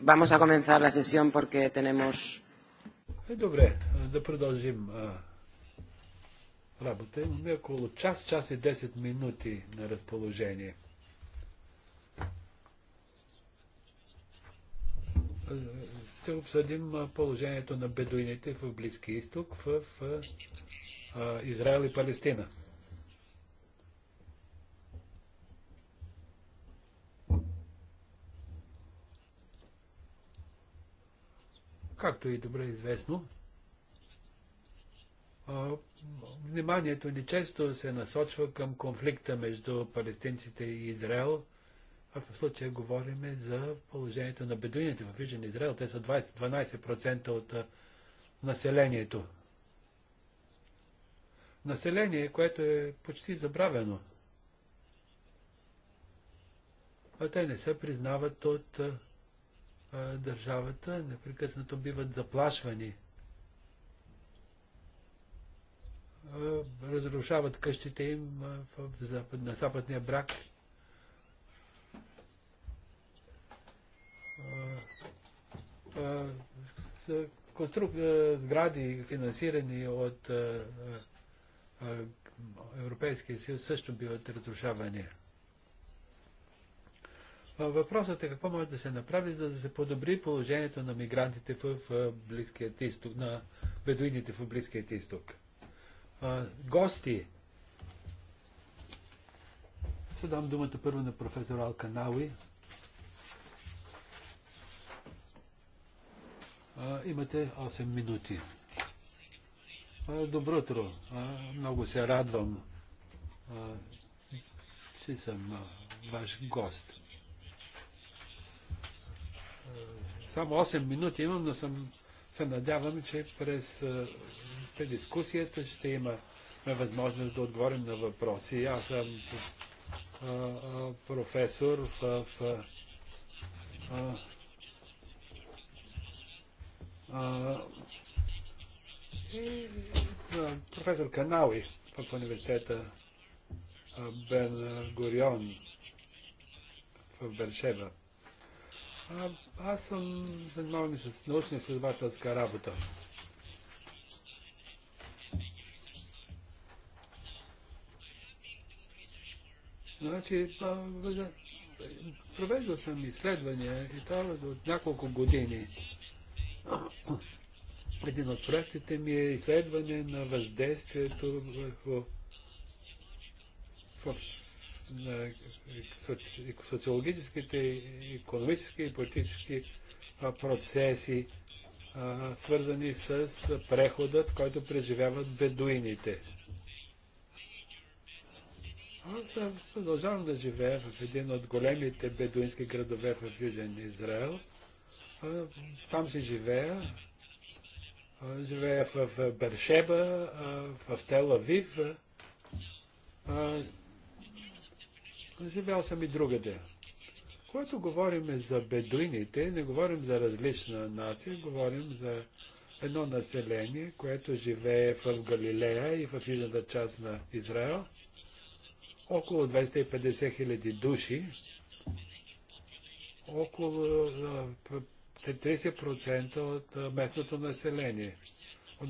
Vamos a comenzar la sesión porque tenemos... Е, добре, да продължим а, работа. Имаме около час, час и 10 минути на разположение. Ще обсъдим положението на бедуините в Близки изток, в, в а, Израел и Палестина. Както и добре известно, вниманието ни често се насочва към конфликта между палестинците и Израел. А в случая говорим за положението на бедуините в Вижен Израел. Те са 20-12% от населението. Население, което е почти забравено. А те не се признават от държавата непрекъснато биват заплашвани. Разрушават къщите им в запад, на западния брак. Конструк... Сгради, финансирани от Европейския съюз, също биват разрушавани. Въпросът е какво може да се направи, за да се подобри положението на мигрантите в Близкият изток, на бедуините в Близкият изток. Гости. Ще дам думата първо на професор Алканауи. Имате 8 минути. Добро утро. Много се радвам, че съм ваш гост. Само 8 минути имам, но съм, се надявам, че през, е, през дискусията ще има възможност да отговорим на въпроси. Аз съм а, е, е, професор в а, а, а, професор Канауи в университета Бен Горион в Бершева. Аз съм занимавам с научна изследователска работа. Значи, провеждал съм изследвания и това е от няколко години. Един от проектите ми е изследване на въздействието върху социологическите, економически и политически процеси, свързани с преходът, който преживяват бедуините. Аз продължавам да живея в един от големите бедуински градове в Южен Израел. Там си живея. Живея в Бершеба, в Тел-Авив живял съм и другаде. Когато говорим за бедуините, не говорим за различна нация, говорим за едно население, което живее в Галилея и в южната част на Израел. Около 250 хиляди души, около 30% от местното население.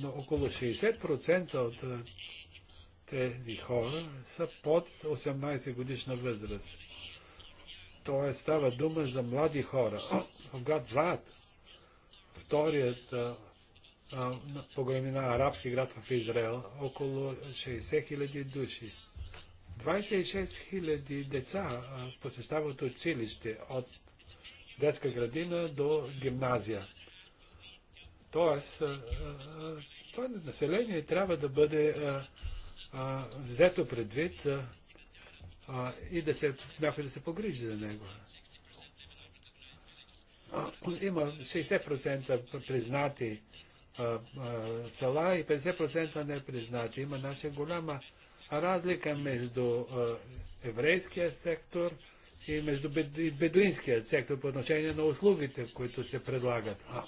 Около 60% от тези хора са под 18 годишна възраст. Тоест става дума за млади хора. В град Врат, вторият по големина арабски град в Израел, около 60 хиляди души. 26 хиляди деца посещават училище от детска градина до гимназия. Тоест, това население трябва да бъде а, взето предвид а, а, и да се, някой да се погрижи за него. Има 60% признати а, а, села и 50% непризнати. Има значи, голяма разлика между а, еврейския сектор и между бедуинския сектор по отношение на услугите, които се предлагат. А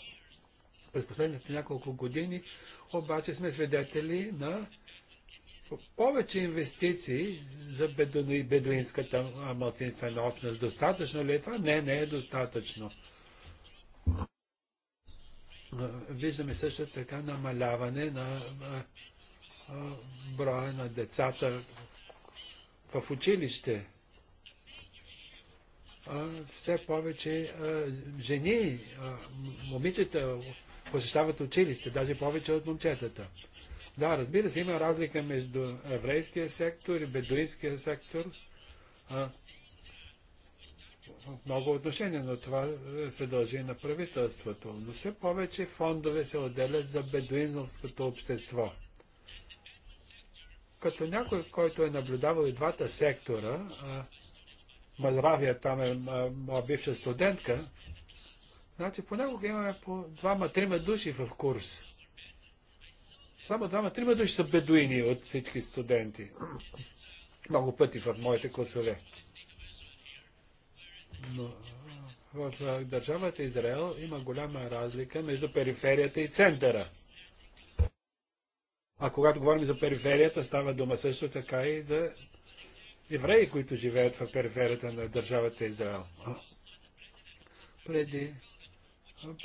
През последните няколко години обаче сме свидетели на повече инвестиции за бедуи, бедуинската малцинствена общност. Достатъчно ли е това? Не, не е достатъчно. Виждаме също така намаляване на броя на децата в училище. Все повече жени, момичета посещават училище, даже повече от момчетата. Да, разбира се, има разлика между еврейския сектор и бедуинския сектор. А, много отношения, но това се дължи на правителството. Но все повече фондове се отделят за бедуиновското общество. Като някой, който е наблюдавал и двата сектора, а, Мазравия, там е моя бивша студентка, значи понякога имаме по двама-трима души в курс. Само двама-трима души са бедуини от всички студенти. Много пъти в моите класове. Но в, в държавата Израел има голяма разлика между периферията и центъра. А когато говорим за периферията, става дума също така и за евреи, които живеят в периферията на държавата Израел. Преди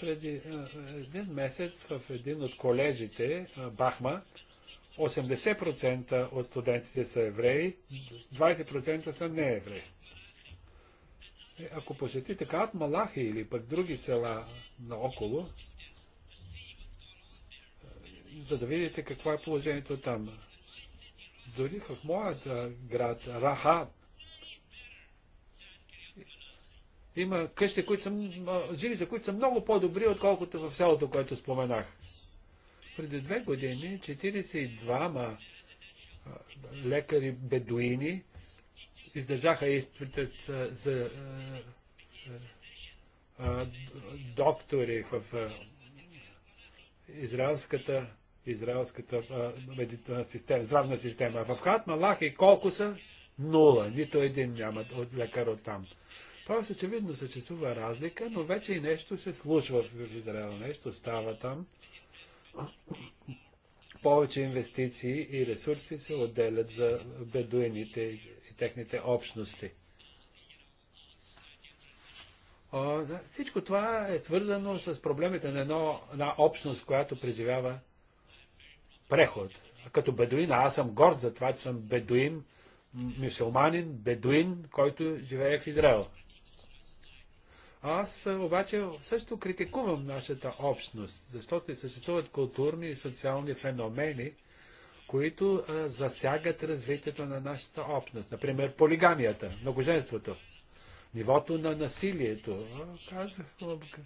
преди един месец в един от колежите, Бахма, 80% от студентите са евреи, 20% са неевреи. Е, ако посетите Каат Малахи или пък други села наоколо, за да видите какво е положението там. Дори в моят град Рахат, Има къщи, които са, жилища, които са много по-добри, отколкото в селото, което споменах. Преди две години 42 лекари бедуини издържаха изпитът за доктори в израелската, израелската медицина система, здравна система. В Хатмалах и колко са? Нула. Нито един няма от лекар от там. Тоест, очевидно съществува разлика, но вече и нещо се случва в Израел, нещо става там. Повече инвестиции и ресурси се отделят за бедуините и техните общности. О, да, всичко това е свързано с проблемите на едно, една общност, която преживява преход. като бедуин, аз съм горд за това, че съм бедуин, мусулманин, бедуин, който живее в Израел. Аз обаче също критикувам нашата общност, защото съществуват културни и социални феномени, които а, засягат развитието на нашата общност. Например, полигамията, многоженството, нивото на насилието. Казах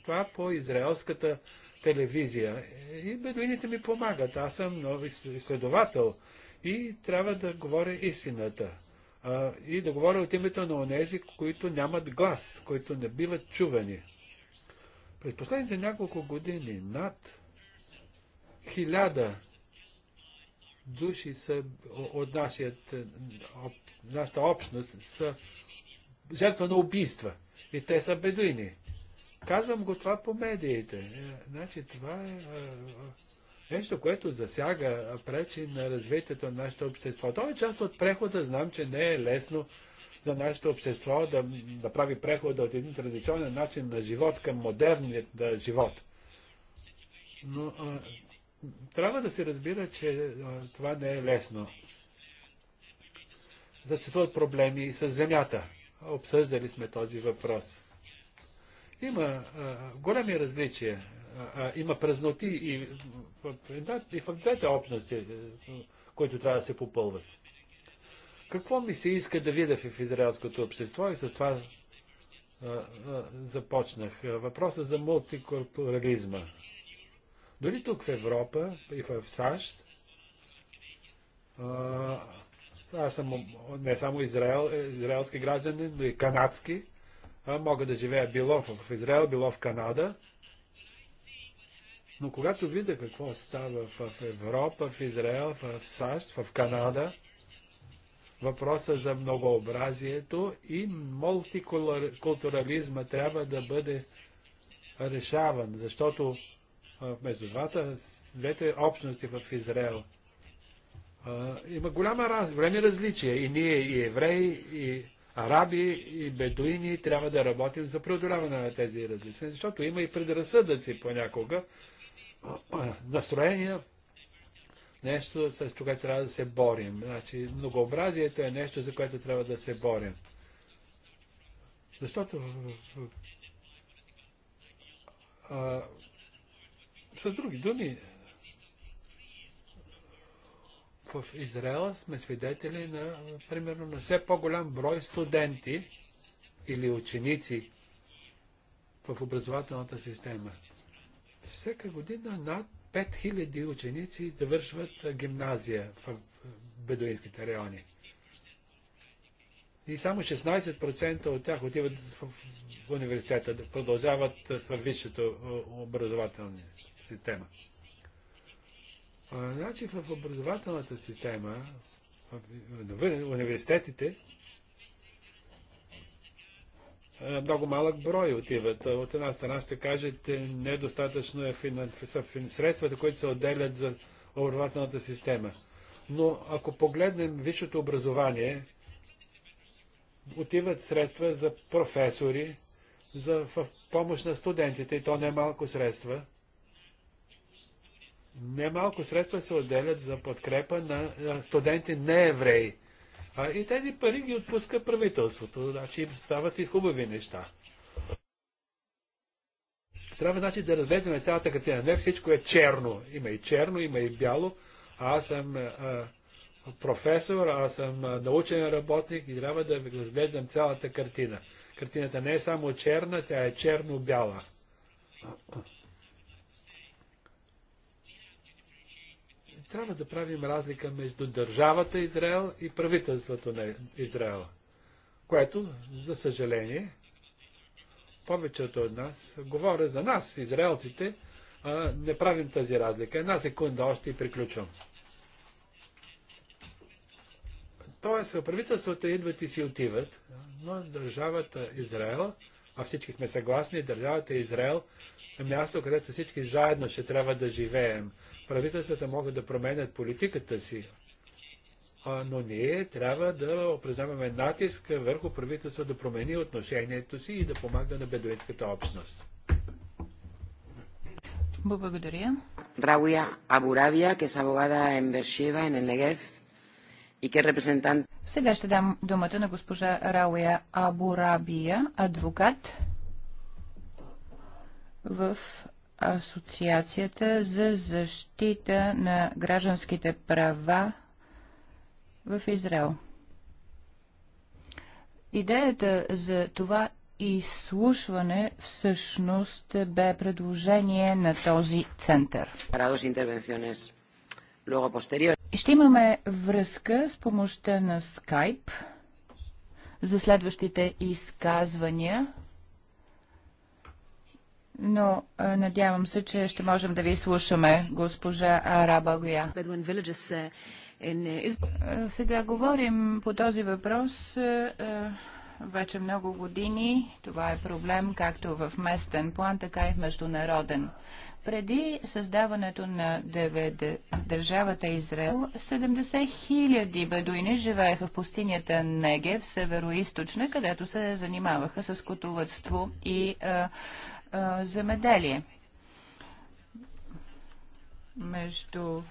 това по израелската телевизия. И бедуините ми помагат. Аз съм изследовател и трябва да говоря истината а, и да говоря от името на онези, които нямат глас, които не биват чувани. През последните няколко години над хиляда души са от нашият, нашата общност са жертва на убийства. И те са бедуини. Казвам го това по медиите. Е, значи това е Нещо, което засяга, пречи на развитието на нашето общество. Това е част от прехода. Знам, че не е лесно за нашето общество да, да прави прехода от един традиционен начин на живот към модерният да, живот. Но а, трябва да се разбира, че а, това не е лесно. Съществуват проблеми с земята. Обсъждали сме този въпрос. Има а, големи различия има празноти и, и в двете общности, които трябва да се попълват. Какво ми се иска да видя в израелското общество и с това а, а, започнах. Въпросът за мултикорпорализма. Дори тук в Европа и в САЩ, а, аз съм не само израел, израелски гражданин, но и канадски. А, мога да живея било в Израел, било в Канада. Но когато видя какво става в Европа, в Израел, в САЩ, в Канада, въпроса за многообразието и мултикултурализма трябва да бъде решаван, защото между двата, двете общности в Израел има голяма раз, големи различия. И ние, и евреи, и араби, и бедуини трябва да работим за преодоляване на тези различия, защото има и предразсъдъци понякога, настроения, нещо, с което трябва да се борим. Значи, многообразието е нещо, за което трябва да се борим. Защото а, с други думи, в Израел сме свидетели на, примерно, на все по-голям брой студенти или ученици в образователната система. Всяка година над 5000 ученици завършват гимназия в бедуинските райони. И само 16% от тях отиват в университета, да продължават с висшето образователна система. А, значи в образователната система, в университетите, е, много малък брой отиват. От една страна ще кажете, недостатъчно е средствата, които се отделят за образователната система. Но ако погледнем висшето образование, отиват средства за професори, за в помощ на студентите, и то не малко средства. Немалко средства се отделят за подкрепа на студенти не евреи а, и тези пари ги отпуска правителството, значи им стават и хубави неща. Трябва значи да разглеждаме цялата картина. Не всичко е черно. Има и черно, има и бяло. А аз съм а, професор, аз съм а, научен работник и трябва да разглеждам цялата картина. Картината не е само черна, тя е черно-бяла. Трябва да правим разлика между държавата Израел и правителството на Израел, което, за съжаление, повечето от нас, говоря за нас, израелците, а, не правим тази разлика. Една секунда още и приключвам. Тоест, правителствата идват и си отиват, но държавата Израел а всички сме съгласни, държавата Израел е място, където всички заедно ще трябва да живеем. Правителствата могат да променят политиката си, а, но ние трябва да упражняваме натиск върху правителството да промени отношението си и да помага на бедуинската общност. Благодаря. Рауя Абуравия, que es abogada en en el Negev, сега ще дам думата на госпожа Рауя Абурабия, адвокат в Асоциацията за защита на гражданските права в Израел. Идеята за това изслушване всъщност бе предложение на този център. Luego, posterior ще имаме връзка с помощта на Skype за следващите изказвания, но надявам се, че ще можем да ви слушаме, госпожа Араба Гоя. Сега говорим по този въпрос вече много години. Това е проблем както в местен план, така и в международен. Преди създаването на ДВД, държавата Израел, 70 хиляди бедуини живееха в пустинята в северо-источна, където се занимаваха с котовътство и а, а, земеделие. Между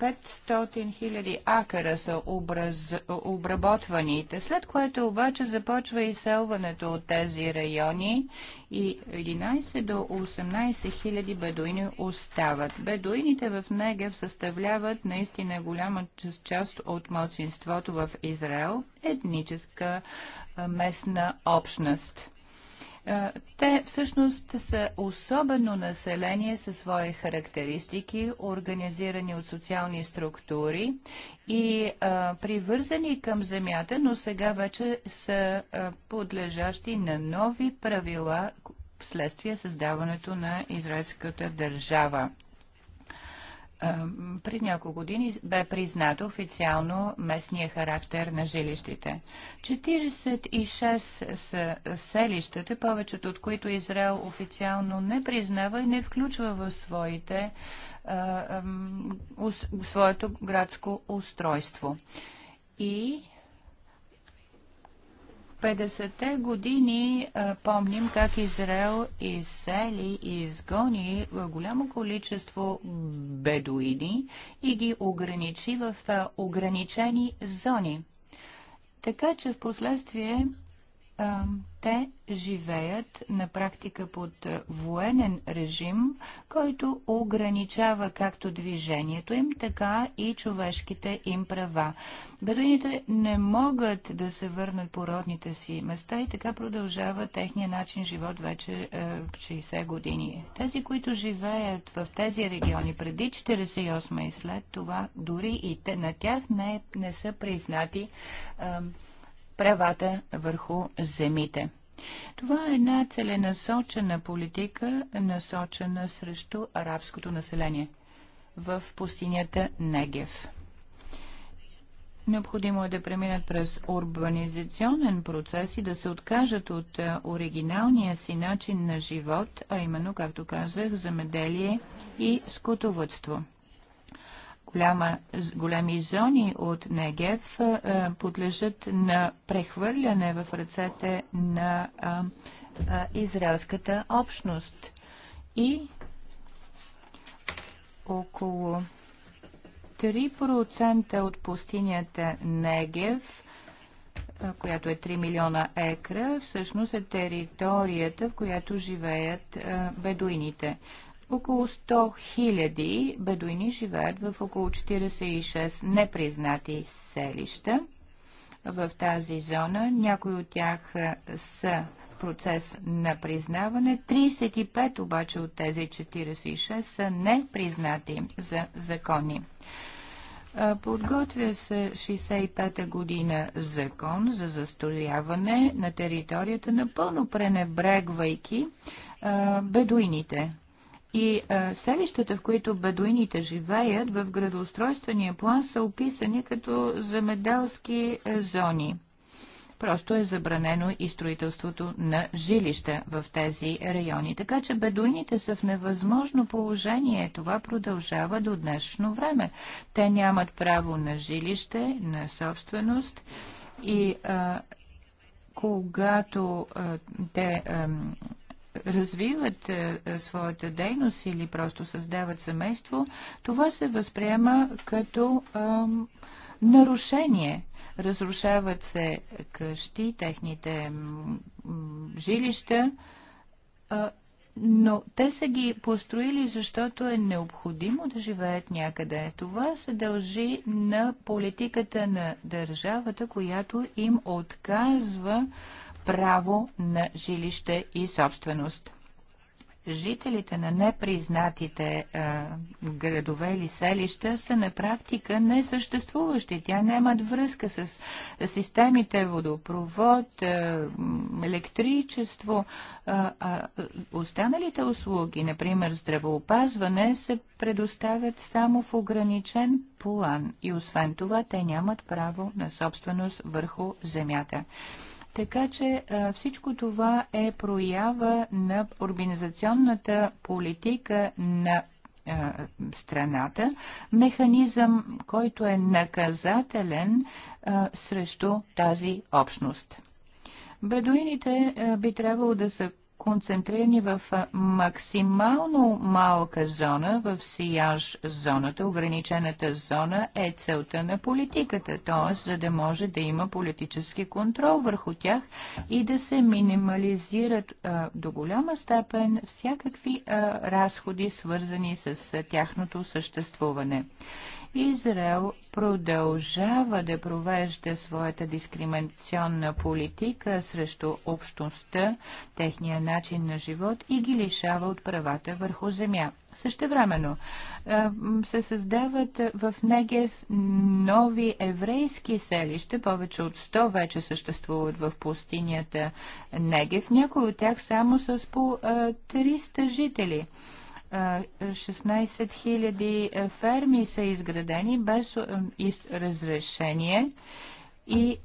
500 000 акъра са образ... обработваните, след което обаче започва изселването от тези райони и 11 до 18 000 бедуини остават. Бедуините в Негев съставляват наистина голяма част от младсинството в Израел, етническа местна общност. Е, те всъщност са особено население със свои характеристики, организирани от социални структури и а, е, привързани към земята, но сега вече са а, е, подлежащи на нови правила вследствие създаването на израелската държава. Е, пред няколко години бе признат официално местния характер на жилищите. 46 са селищата, повечето от които Израел официално не признава и не включва в своите, а, е, а, своето градско устройство. И 50-те години а, помним как Израел изсели и изгони голямо количество бедуини и ги ограничи в а, ограничени зони. Така че в последствие те живеят на практика под е, военен режим, който ограничава както движението им, така и човешките им права. Бедуините не могат да се върнат по родните си места и така продължава техния начин живот вече 60 е, години. Тези, които живеят в тези региони преди 48 и след това, дори и те, на тях не, не са признати правата върху земите. Това е една целенасочена политика, насочена срещу арабското население в пустинята Негев. Необходимо е да преминат през урбанизационен процес и да се откажат от е, оригиналния си начин на живот, а именно, както казах, замеделие и скотовътство голяма, големи зони от Негев е, подлежат на прехвърляне в ръцете на а, а, израелската общност. И около 3% от пустинята Негев, която е 3 милиона екра, всъщност е територията, в която живеят бедуините. Около 100 000 бедуини живеят в около 46 непризнати селища в тази зона. Някои от тях е, са процес на признаване. 35 обаче от тези 46 са непризнати за закони. Е, подготвя се 65-та година закон за застояване на територията, напълно пренебрегвайки е, бедуините. И а, е, селищата, в които бедуините живеят, в градоустройствения план са описани като замеделски е, зони. Просто е забранено и строителството на жилища в тези райони. Така че бедуините са в невъзможно положение. Това продължава до днешно време. Те нямат право на жилище, на собственост и а, е, когато а, те а, развиват е, е, своята дейност или просто създават семейство, това се възприема като е, нарушение. Разрушават се къщи, техните жилища, но те са ги построили, защото е необходимо да живеят някъде. Това се дължи на политиката на държавата, която им отказва право на жилище и собственост. Жителите на непризнатите а, градове или селища са на практика несъществуващи. Тя нямат връзка с системите водопровод, а, електричество. А, а останалите услуги, например здравоопазване, се предоставят само в ограничен план и освен това те нямат право на собственост върху земята. Така че всичко това е проява на организационната политика на страната, механизъм, който е наказателен а, срещу тази общност. Бедуините а, би трябвало да са концентрирани в максимално малка зона, в сияж зоната. Ограничената зона е целта на политиката, т.е. за да може да има политически контрол върху тях и да се минимализират а, до голяма степен всякакви а, разходи, свързани с а, тяхното съществуване. Израел продължава да провежда своята дискриминационна политика срещу общността, техния начин на живот и ги лишава от правата върху земя. Същевременно се създават в Негев нови еврейски селища, повече от 100 вече съществуват в пустинята Негев, някои от тях само с по 300 жители. 16 000 е, ферми са изградени без е, разрешение и е,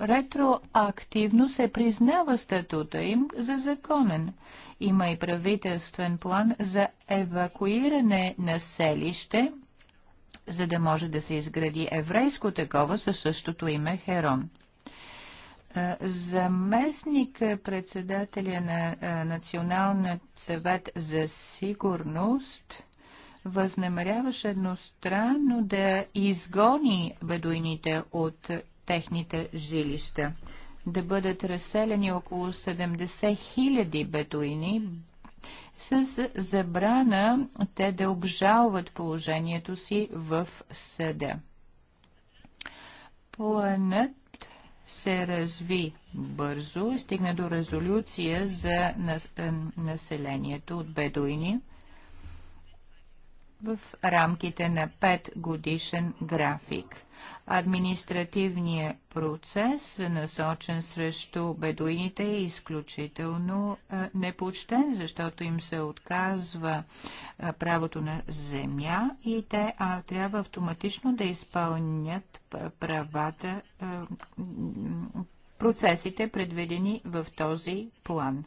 ретроактивно се признава статута им за законен. Има и правителствен план за евакуиране на селище, за да може да се изгради еврейско такова със същото име Херон. Заместник председателя на Националния съвет за сигурност възнамеряваше едностранно да изгони бедуините от техните жилища, да бъдат разселени около 70 хиляди бедуини, с забрана те да обжалват положението си в съда. Планът се разви бързо, и стигна до резолюция за е, населението от бедуини в рамките на 5 годишен график. Административният процес, насочен срещу бедуините, е изключително непочтен, защото им се отказва правото на земя и те а, трябва автоматично да изпълнят правата, процесите, предведени в този план.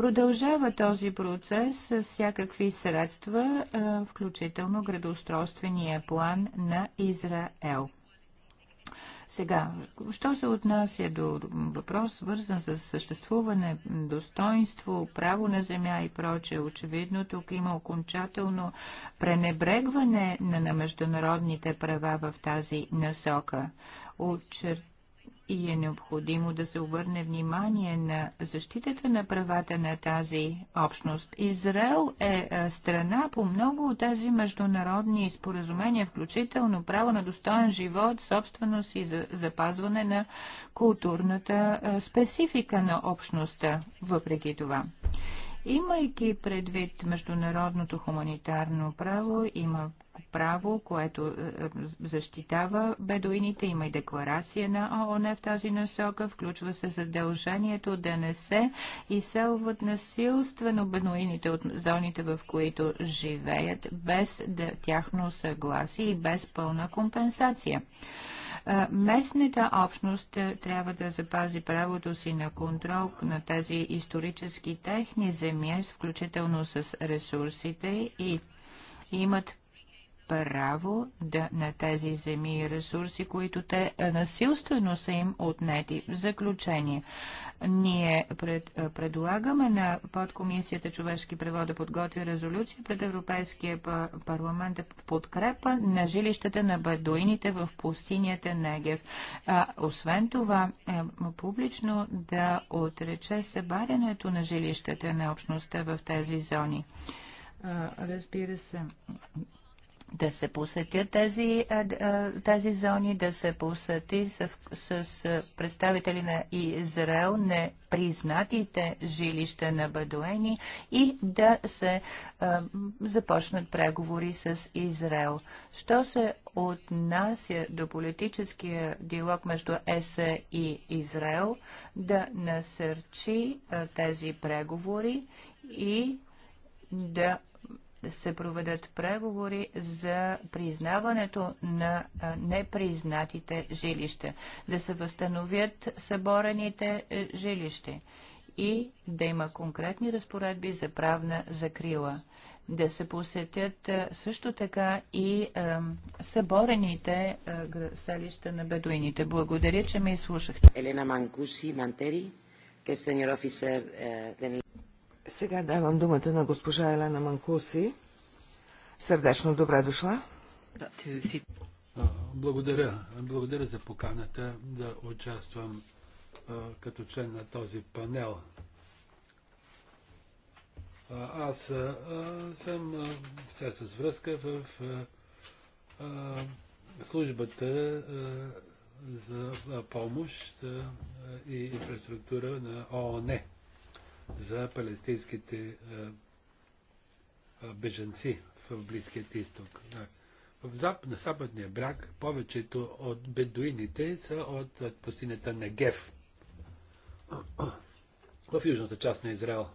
Продължава този процес с всякакви средства, включително градоустройствения план на Израел. Сега, що се отнася до въпрос, свързан с съществуване, достоинство, право на земя и проче, очевидно тук има окончателно пренебрегване на, на международните права в тази насока. Очер и е необходимо да се обърне внимание на защитата на правата на тази общност. Израел е, е страна по много от тези международни споразумения, включително право на достоен живот, собственост и за запазване на културната е, специфика на общността, въпреки това. Имайки предвид международното хуманитарно право, има право, което е, е, защитава бедуините, има и декларация на ООН в тази насока, включва се задължението да не се изселват насилствено бедуините от зоните, в които живеят, без тяхно съгласие и без пълна компенсация. Местната общност е, трябва да запази правото си на контрол на тези исторически техни земи, включително с ресурсите и имат право да, на тези земи и ресурси, които те е, насилствено са им отнети. В заключение, ние пред, предлагаме на подкомисията човешки права да подготви резолюция пред Европейския парламент в подкрепа на жилищата на бедуините в пустинята Негев. А, освен това, е, публично да отрече събарянето на жилищата на общността в тези зони. А, разбира се, да се посетят тези, тези зони, да се посети с, с, представители на Израел, непризнатите жилища на Бадуени и да се а, започнат преговори с Израел. Що се отнася до политическия диалог между ЕС и Израел, да насърчи а, тези преговори и да да се проведат преговори за признаването на непризнатите жилища, да се възстановят съборените е, жилища и да има конкретни разпоредби за правна закрила. Да се посетят е, също така и е, съборените е, селища на бедуините. Благодаря, че ме изслушахте. Елена Манкуси Мантери, сега давам думата на госпожа Елена Манкуси. Сърдечно добре дошла. Благодаря. Благодаря за поканата да участвам като член на този панел. Аз а, съм все с връзка в а, службата а, за помощ и инфраструктура на ООН за палестинските беженци в Близкият изток. В зап, на западния бряг повечето от бедуините са от, от пустинята Негев в южната част на Израел.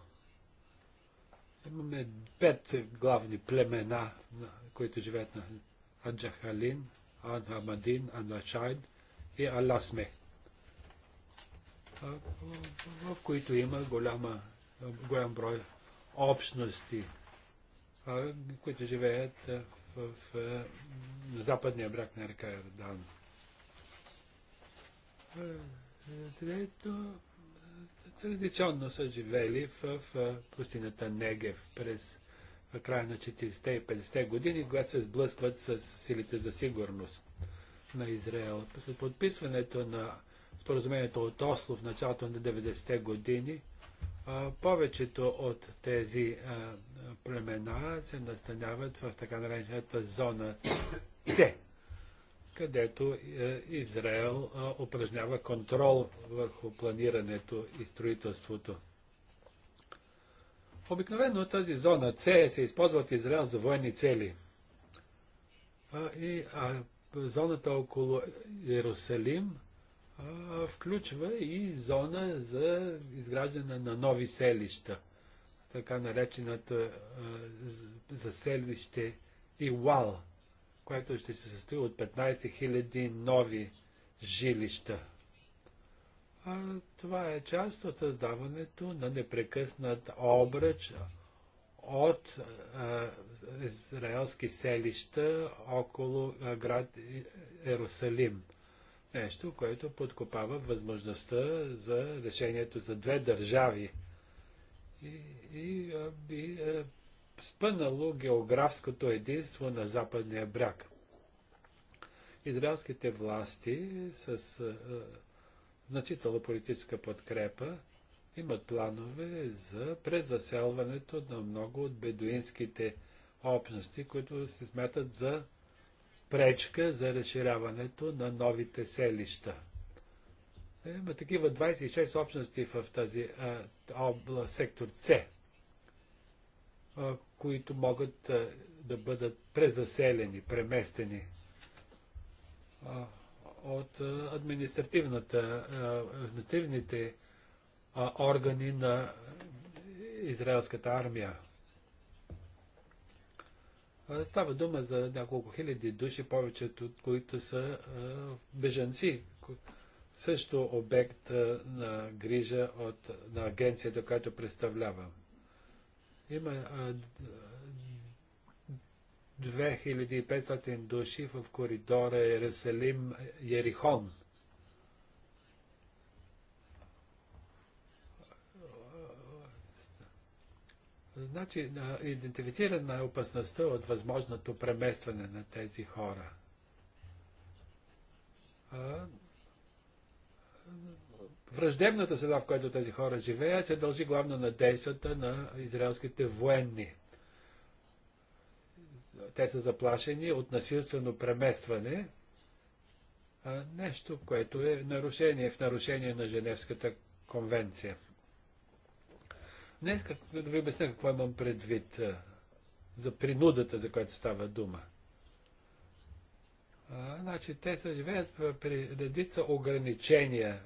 Имаме пет главни племена, които живеят на Аджахалин, Анхамадин, Анашайн и Аласме в които има голяма, голям брой общности, които живеят в, в на западния бряг на река Йордан. Трето, традиционно са живели в, в пустината Негев през края на 40-те и 50-те години, когато се сблъскват с силите за сигурност на Израел. След подписването на споразумението от Осло в началото на 90-те години, повечето от тези племена се настаняват в така наречената зона С, където е, Израел упражнява контрол върху планирането и строителството. Обикновено тази зона С се използва от Израел за военни цели. А, и а, зоната около Иерусалим включва и зона за изграждане на нови селища, така наречената за селище Иуал, което ще се състои от 15 000 нови жилища. А, това е част от създаването на непрекъснат обръч от израелски селища около град Ерусалим. Нещо, което подкопава възможността за решението за две държави и, и би е, спънало географското единство на западния бряг. Израелските власти с а, е, е, значителна политическа подкрепа имат планове за презаселването на много от бедуинските общности, които се смятат за пречка за разширяването на новите селища. Има такива 26 общности в тази област обла, сектор С, които могат да бъдат презаселени, преместени от административната, административните органи на израелската армия. Става дума за няколко хиляди души, повечето от които са бежанци, също обект на грижа от, на агенцията, която представлявам. Има 2500 души в коридора Ерусалим Ерихон. Значи, идентифицирана е опасността от възможното преместване на тези хора. Враждебната среда, в която тези хора живеят, се дължи главно на действията на израелските военни. Те са заплашени от насилствено преместване, нещо, което е нарушение в нарушение на Женевската конвенция. Днес как, да ви обясня какво имам предвид а, за принудата, за която става дума. А, значи, те се живеят при редица ограничения,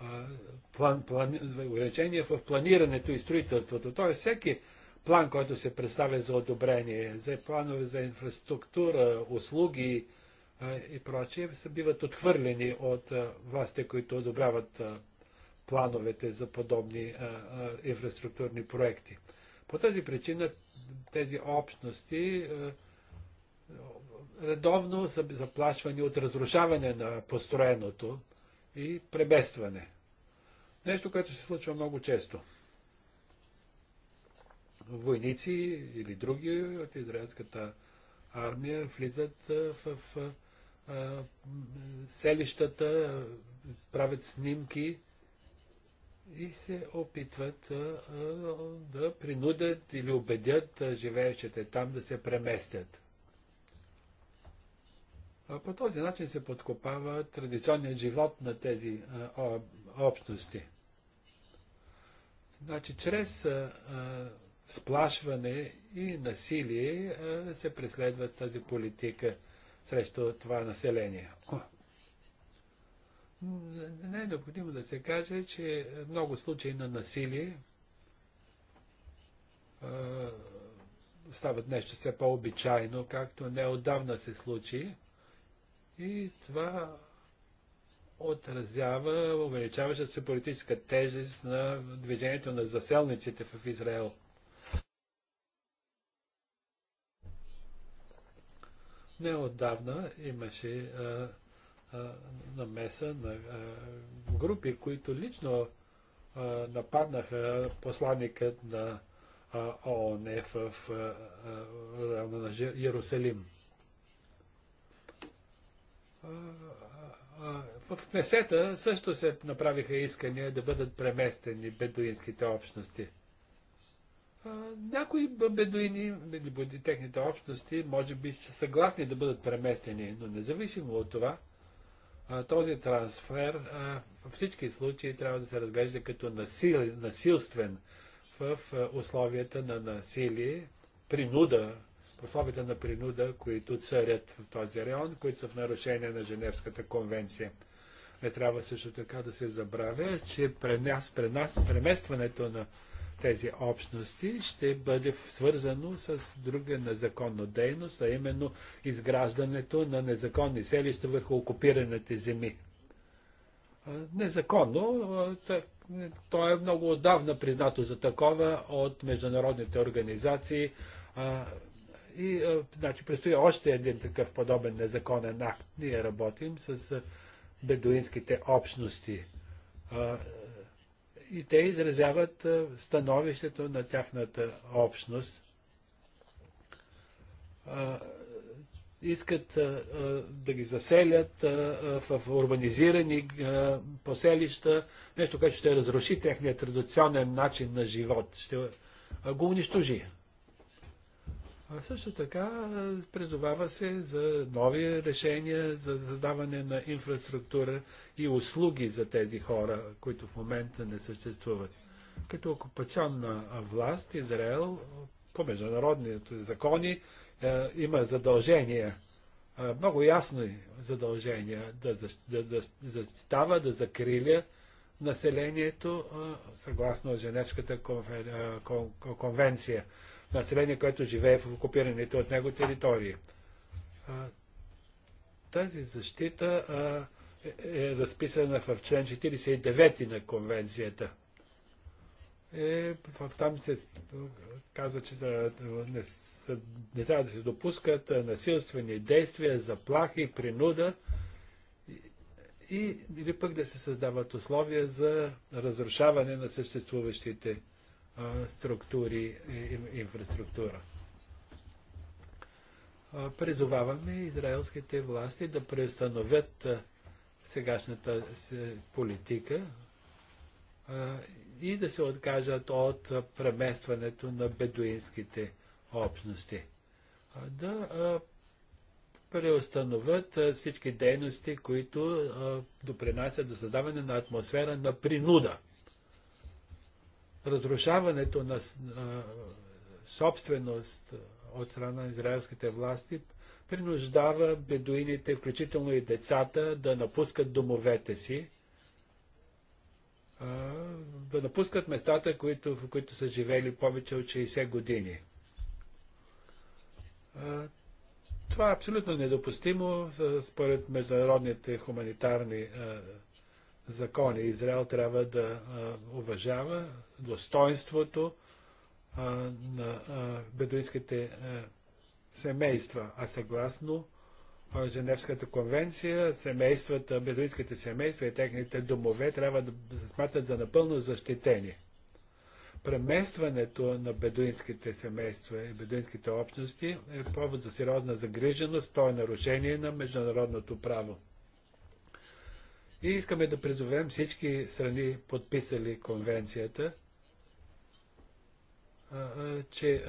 а, план, план, ограничения в планирането и строителството. Тоест, всеки план, който се представя за одобрение, за планове за инфраструктура, услуги и прочие, биват отхвърлени от властите, които одобряват плановете за подобни а, а, инфраструктурни проекти. По тази причина тези общности а, редовно са заплашвани от разрушаване на построеното и пребестване. Нещо, което се случва много често. Войници или други от израелската армия влизат в, в селищата, правят снимки и се опитват да принудят или убедят живеещите там да се преместят. По този начин се подкопава традиционният живот на тези а, общности. Значи, чрез а, а, сплашване и насилие се преследва тази политика срещу това население не е необходимо да се каже, че много случаи на насилие е, стават нещо все по-обичайно, както неодавна се случи. И това отразява увеличаваща се политическа тежест на движението на заселниците в Израел. Неодавна имаше а, намеса на групи, които лично нападнаха посланникът на ООН в района на Иерусалим. В Кнесета също се направиха искания да бъдат преместени бедуинските общности. Някои бедуини или техните общности може би са съгласни да бъдат преместени, но независимо от това, този трансфер във всички случаи трябва да се разглежда като насил, насилствен в условията на насилие, принуда, в условията на принуда, които царят в този район, които са в нарушение на Женевската конвенция. Не трябва също така да се забравя, че пред нас преместването на тези общности ще бъде свързано с друга незаконна дейност, а именно изграждането на незаконни селища върху окупираните земи. Незаконно, то е много отдавна признато за такова от международните организации и значи, предстои още един такъв подобен незаконен акт. Ние работим с бедуинските общности и те изразяват становището на тяхната общност. Искат да ги заселят в урбанизирани поселища, нещо, което ще разруши техния традиционен начин на живот, ще го унищожи. А също така призовава се за нови решения, за задаване на инфраструктура, и услуги за тези хора, които в момента не съществуват. Като окупационна власт Израел по международните закони е, има задължения, е, много ясни задължения да, защ, да, да защитава, да закриля населението е, съгласно Женевската конвен, е, конвенция. Население, което живее в окупираните от него територии. Е, тази защита е, е, е разписана в член 49 на конвенцията. Е, там се казва, че не, не трябва да се допускат насилствени действия, заплахи, принуда и, или пък да се създават условия за разрушаване на съществуващите а, структури и инфраструктура. А, призоваваме израелските власти да преустановят а, сегашната политика и да се откажат от преместването на бедуинските общности. Да преустановят всички дейности, които допринасят за създаване на атмосфера на принуда. Разрушаването на собственост от страна на израелските власти принуждава бедуините, включително и децата, да напускат домовете си, да напускат местата, които, в които са живели повече от 60 години. Това е абсолютно недопустимо според международните хуманитарни закони. Израел трябва да уважава достоинството на бедуинските семейства, а съгласно Женевската конвенция, семействата, бедуинските семейства и техните домове трябва да се смятат за напълно защитени. Преместването на бедуинските семейства и бедуинските общности е повод за сериозна загриженост, то е нарушение на международното право. И искаме да призовем всички страни, подписали конвенцията, че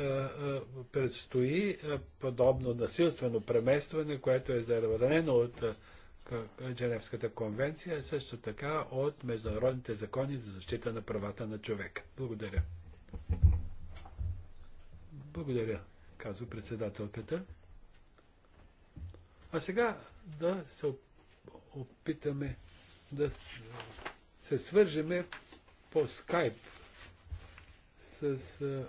предстои подобно насилствено преместване, което е заравено от Женевската конвенция, също така от международните закони за защита на правата на човека. Благодаря. Благодаря, казва председателката. А сега да се опитаме да се свържеме по скайп с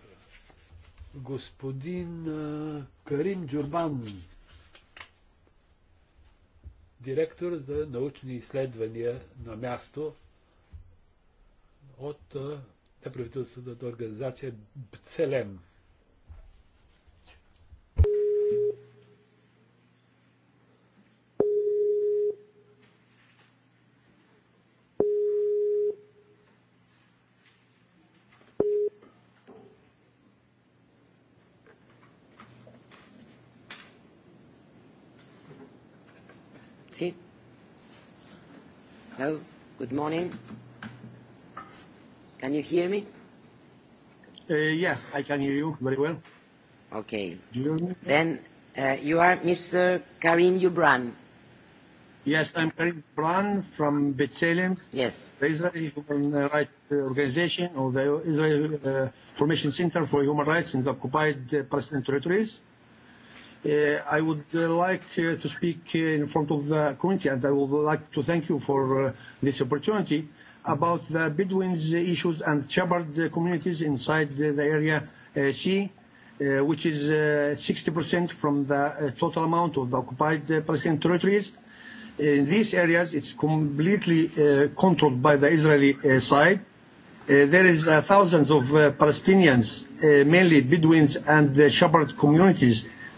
господин Карим Джурбан, директор за научни изследвания на място от неправителствената организация БЦЕЛЕМ. morning. Can you hear me? Uh, yeah, I can hear you very well. Okay. Do you hear me? Then uh, you are Mr. Karim Yubran. Yes, I'm Karim Yubran from B'Tselem. Yes. The Israeli Human Rights Organization or the Israeli uh, Formation Center for Human Rights in the occupied uh, Palestinian territories. I would like to speak in front of the committee, and I would like to thank you for this opportunity about the Bedouins issues and Shepherd communities inside the area C, which is uh 60% from the total amount of the occupied Palestinian territories. In these areas, it's completely controlled by the Israeli side. There is uh thousands of uh Palestinians, uh mainly Bedouins and Shepherd communities,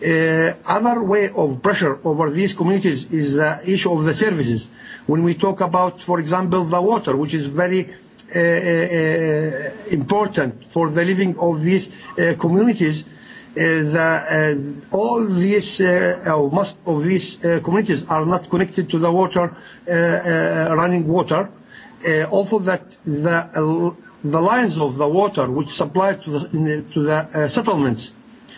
Uh, another way of pressure over these communities is the issue of the services. When we talk about, for example, the water, which is very uh, uh, important for the living of these uh, communities, uh, the, uh, all these, uh, uh, most of these uh, communities are not connected to the water, uh, uh, running water. Uh, also that the, uh, the lines of the water which supply to the, to the uh, settlements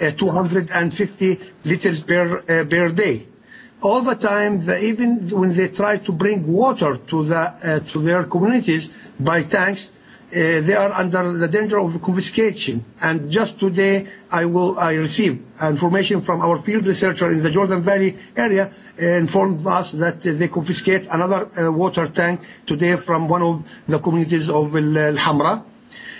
250 liters per, uh, per day. All the time, the, even when they try to bring water to, the, uh, to their communities by tanks, uh, they are under the danger of confiscation. And just today, I will I received information from our field researcher in the Jordan Valley area uh, informed us that uh, they confiscate another uh, water tank today from one of the communities of Al Hamra.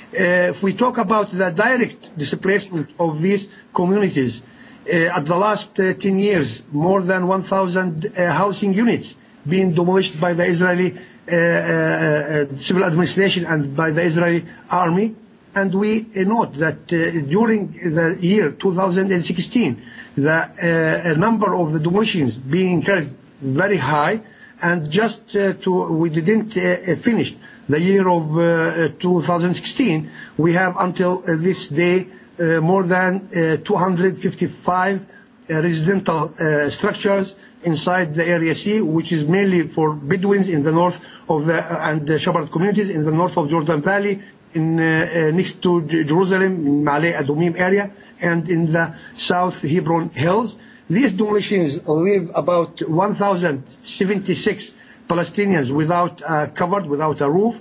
Uh, if we talk about the direct displacement of these communities. Uh, at the last uh, 10 years, more than 1,000 uh, housing units being demolished by the Israeli uh, uh, uh civil administration and by the Israeli army. And we uh, note that uh, during the year 2016, the uh, number of the demolitions being increased very high, and just uh, to we didn't uh, finish the year of uh, 2016. We have until uh, this day uh, more than uh, 255 uh, residential uh, structures inside the area C, which is mainly for Bedouins in the north of the uh, and the Shabbat communities in the north of Jordan Valley, in uh, uh, next to J- Jerusalem, in Malay Adumim area, and in the south Hebron Hills. These demolitions leave about 1,076 Palestinians without uh, covered, without a roof.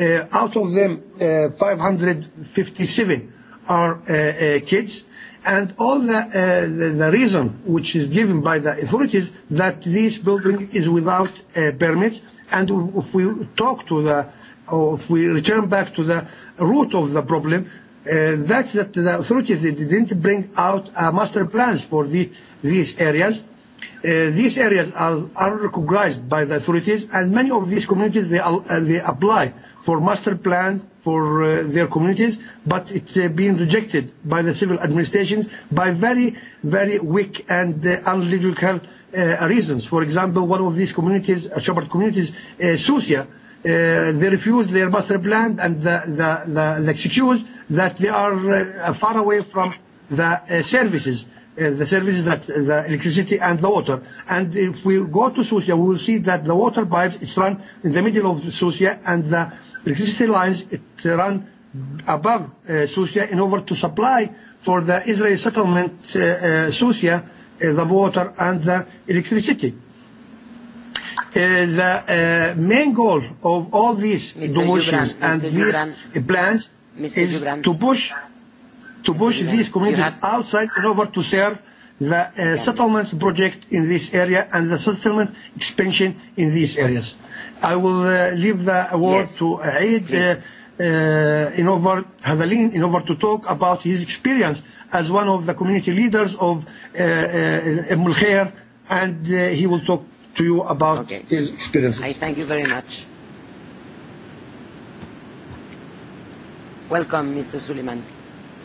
Uh, out of them, uh, 557 are uh, uh, kids. And all the, uh, the, the reason which is given by the authorities that this building is without uh, permits. And if we talk to the, or if we return back to the root of the problem, uh, that's that the authorities they didn't bring out uh, master plans for the, these areas. Uh, these areas are, are recognized by the authorities, and many of these communities they, uh, they apply for master plan for uh, their communities, but it's uh, being rejected by the civil administrations by very, very weak and uh, unlogical uh, reasons. For example, one of these communities, uh, shepherd communities, uh, Susia, uh, they refused their master plan and the, the, the, the excuse that they are uh, far away from the uh, services. Uh, the services that uh, the electricity and the water. And if we go to Susia, we will see that the water pipes is run in the middle of Susia and the electricity lines it run above uh, Susia in order to supply for the Israeli settlement uh, uh, Susia uh, the water and the electricity. Uh, the uh, main goal of all these Mr. demotions and Mr. these plans Mr. is Jubran. to push to push these communities to... outside in order to serve the uh, settlements project in this area and the settlement expansion in these areas. I will uh, leave the award yes. to Aid uh, uh, in over Hadalin in order to talk about his experience as one of the community leaders of uh, uh, Mulkhair, and uh, he will talk to you about okay. his experience. I thank you very much. Welcome, Mr. Suleiman.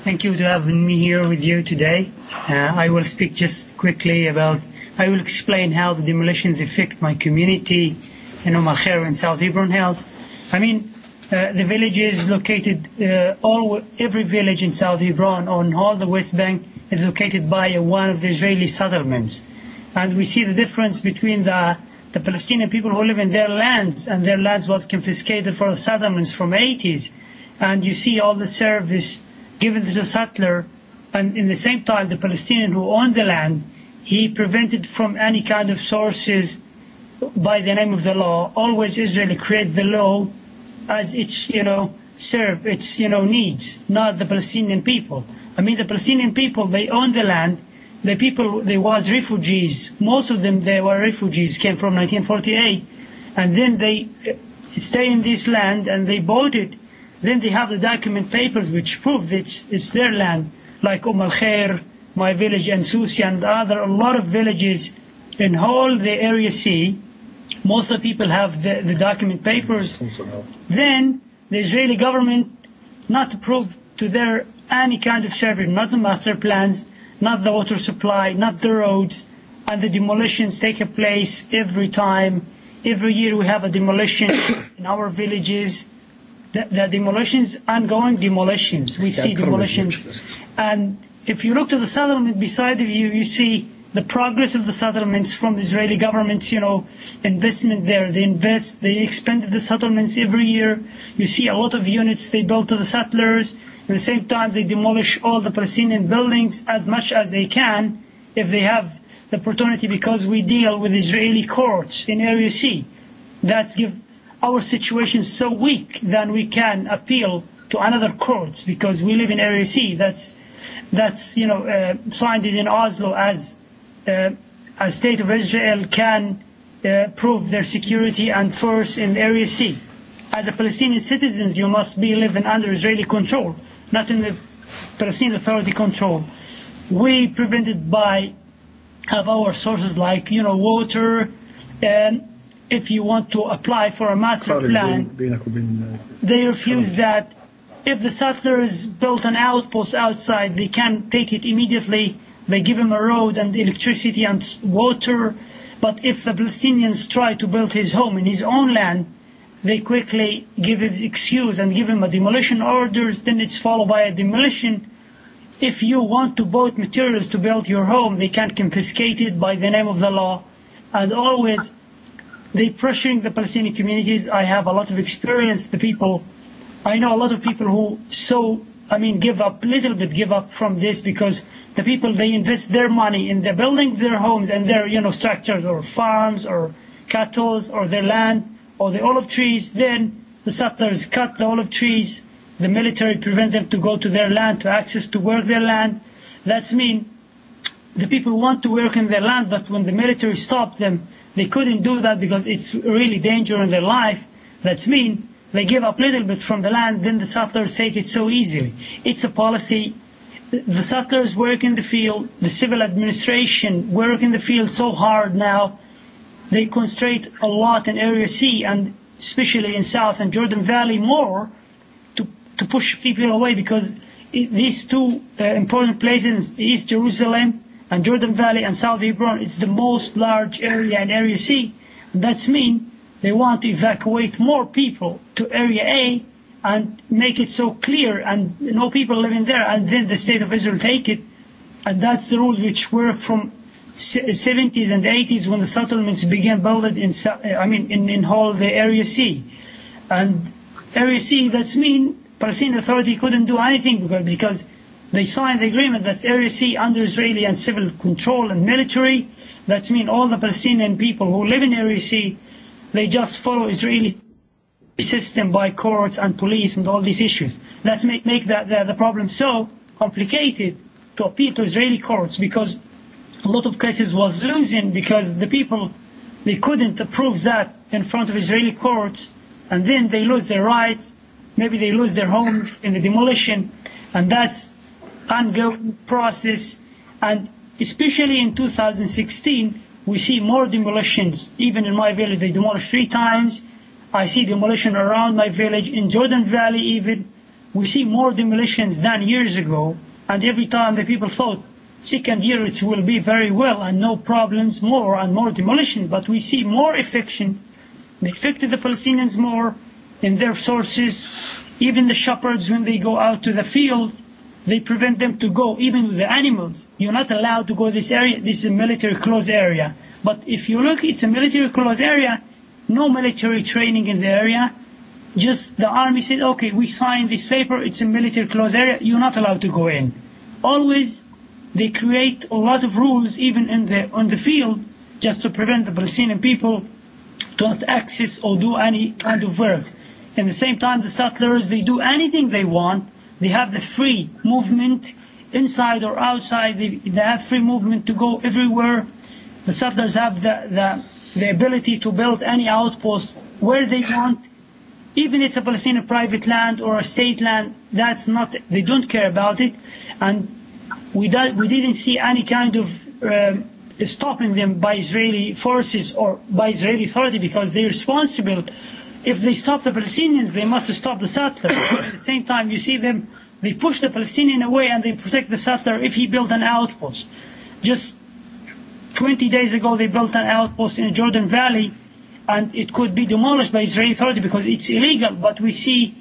Thank you for having me here with you today. Uh, I will speak just quickly about, I will explain how the demolitions affect my community, in know, al-Khair in South Hebron Hills. I mean, uh, the villages located, uh, all every village in South Hebron on all the West Bank is located by one of the Israeli settlements. And we see the difference between the, the Palestinian people who live in their lands, and their lands was confiscated for the settlements from 80s. And you see all the service given to the settler, and in the same time, the Palestinian who owned the land, he prevented from any kind of sources by the name of the law. Always Israel create the law as its, you know, serve its, you know, needs, not the Palestinian people. I mean, the Palestinian people, they own the land. The people, they was refugees. Most of them, they were refugees, came from 1948. And then they stay in this land and they bought it. Then they have the document papers which prove that it's, it's their land, like Umm al-Khair, my village, and Susi, and other, a lot of villages in whole the area C Most of the people have the, the document papers. Then the Israeli government not to prove to their any kind of service, not the master plans, not the water supply, not the roads, and the demolitions take a place every time. Every year we have a demolition in our villages. The, the demolitions, ongoing demolitions. We see demolitions. And if you look to the settlement beside of you, you see the progress of the settlements from the Israeli government's, you know, investment there. They invest, they expanded the settlements every year. You see a lot of units they built to the settlers. At the same time, they demolish all the Palestinian buildings as much as they can if they have the opportunity because we deal with Israeli courts in Area C. That's give our situation so weak that we can appeal to another courts because we live in Area C. That's, that's you know, uh, signed it in Oslo as uh, a state of Israel can uh, prove their security and force in Area C. As a Palestinian citizens, you must be living under Israeli control, not in the Palestinian Authority control. We prevented by have our sources like you know water, and if you want to apply for a master plan, they refuse that. If the settlers built an outpost outside, they can take it immediately They give him a road and electricity and water. But if the Palestinians try to build his home in his own land, they quickly give his excuse and give him a demolition orders. Then it's followed by a demolition. If you want to boat materials to build your home, they can confiscate it by the name of the law. And always, they pressuring the Palestinian communities. I have a lot of experience. The people, I know a lot of people who so, I mean, give up, little bit give up from this because the people they invest their money in the building their homes and their you know structures or farms or cattle or their land or the olive trees then the settlers cut the olive trees the military prevent them to go to their land to access to work their land that's mean the people want to work in their land but when the military stopped them they couldn't do that because it's really dangerous in their life that's mean they give up a little bit from the land then the settlers take it so easily it's a policy the settlers work in the field, the civil administration work in the field so hard now. They concentrate a lot in Area C and especially in South and Jordan Valley more to, to push people away because these two uh, important places, East Jerusalem and Jordan Valley and South Hebron, it's the most large area in Area C. And that's mean they want to evacuate more people to Area A and make it so clear and no people living there and then the state of Israel take it and that's the rules which were from 70s and 80s when the settlements began building in I mean in, in whole the area C and area C that's mean Palestinian Authority couldn't do anything because they signed the agreement that's area C under Israeli and civil control and military that's mean all the Palestinian people who live in area C they just follow Israeli system by courts and police and all these issues. Let's make, make that, the, the problem so complicated to appeal to Israeli courts because a lot of cases was losing because the people, they couldn't approve that in front of Israeli courts and then they lose their rights, maybe they lose their homes in the demolition and that's ongoing process and especially in 2016 we see more demolitions even in my village they demolished three times I see demolition around my village. In Jordan Valley even, we see more demolitions than years ago. And every time the people thought, second year it will be very well and no problems, more and more demolition. But we see more affection. They affected the Palestinians more in their sources. Even the shepherds, when they go out to the fields, they prevent them to go, even with the animals. You're not allowed to go this area. This is a military closed area. But if you look, it's a military closed area no military training in the area. Just the army said, okay, we signed this paper, it's a military closed area, you're not allowed to go in. Always they create a lot of rules even in the on the field just to prevent the Palestinian people to not access or do any kind of work. At the same time the settlers they do anything they want. They have the free movement inside or outside, they, they have free movement to go everywhere. The settlers have the, the the ability to build any outpost where they want, even if it's a Palestinian private land or a state land, that's not, they don't care about it. And we, don't, we didn't see any kind of um, stopping them by Israeli forces or by Israeli authority because they're responsible. If they stop the Palestinians, they must stop the settlers. At the same time, you see them, they push the Palestinian away and they protect the settler if he built an outpost. Just 20 days ago, they built an outpost in the Jordan Valley, and it could be demolished by Israeli authority because it's illegal. But we see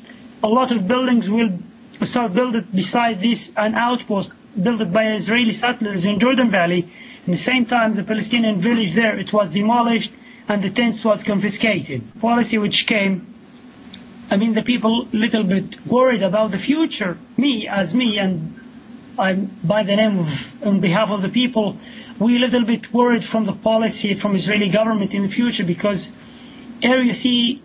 a lot of buildings will start built beside this an outpost built by Israeli settlers in Jordan Valley. In the same time, the Palestinian village there it was demolished and the tents was confiscated. Policy which came. I mean, the people little bit worried about the future. Me, as me, and I'm, by the name of, on behalf of the people, we a little bit worried from the policy from Israeli government in the future because Area C,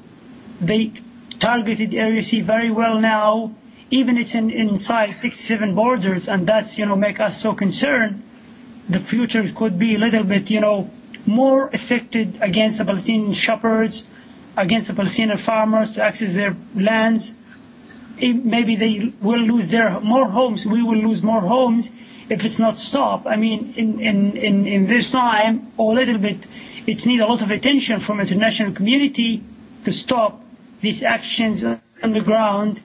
they targeted Area C very well now, even it's in, inside 67 borders, and that's, you know, make us so concerned. The future could be a little bit, you know, more affected against the Palestinian shepherds, against the Palestinian farmers to access their lands maybe they will lose their more homes. We will lose more homes if it's not stopped. I mean, in, in, in, in this time, a little bit, it needs a lot of attention from international community to stop these actions on the ground.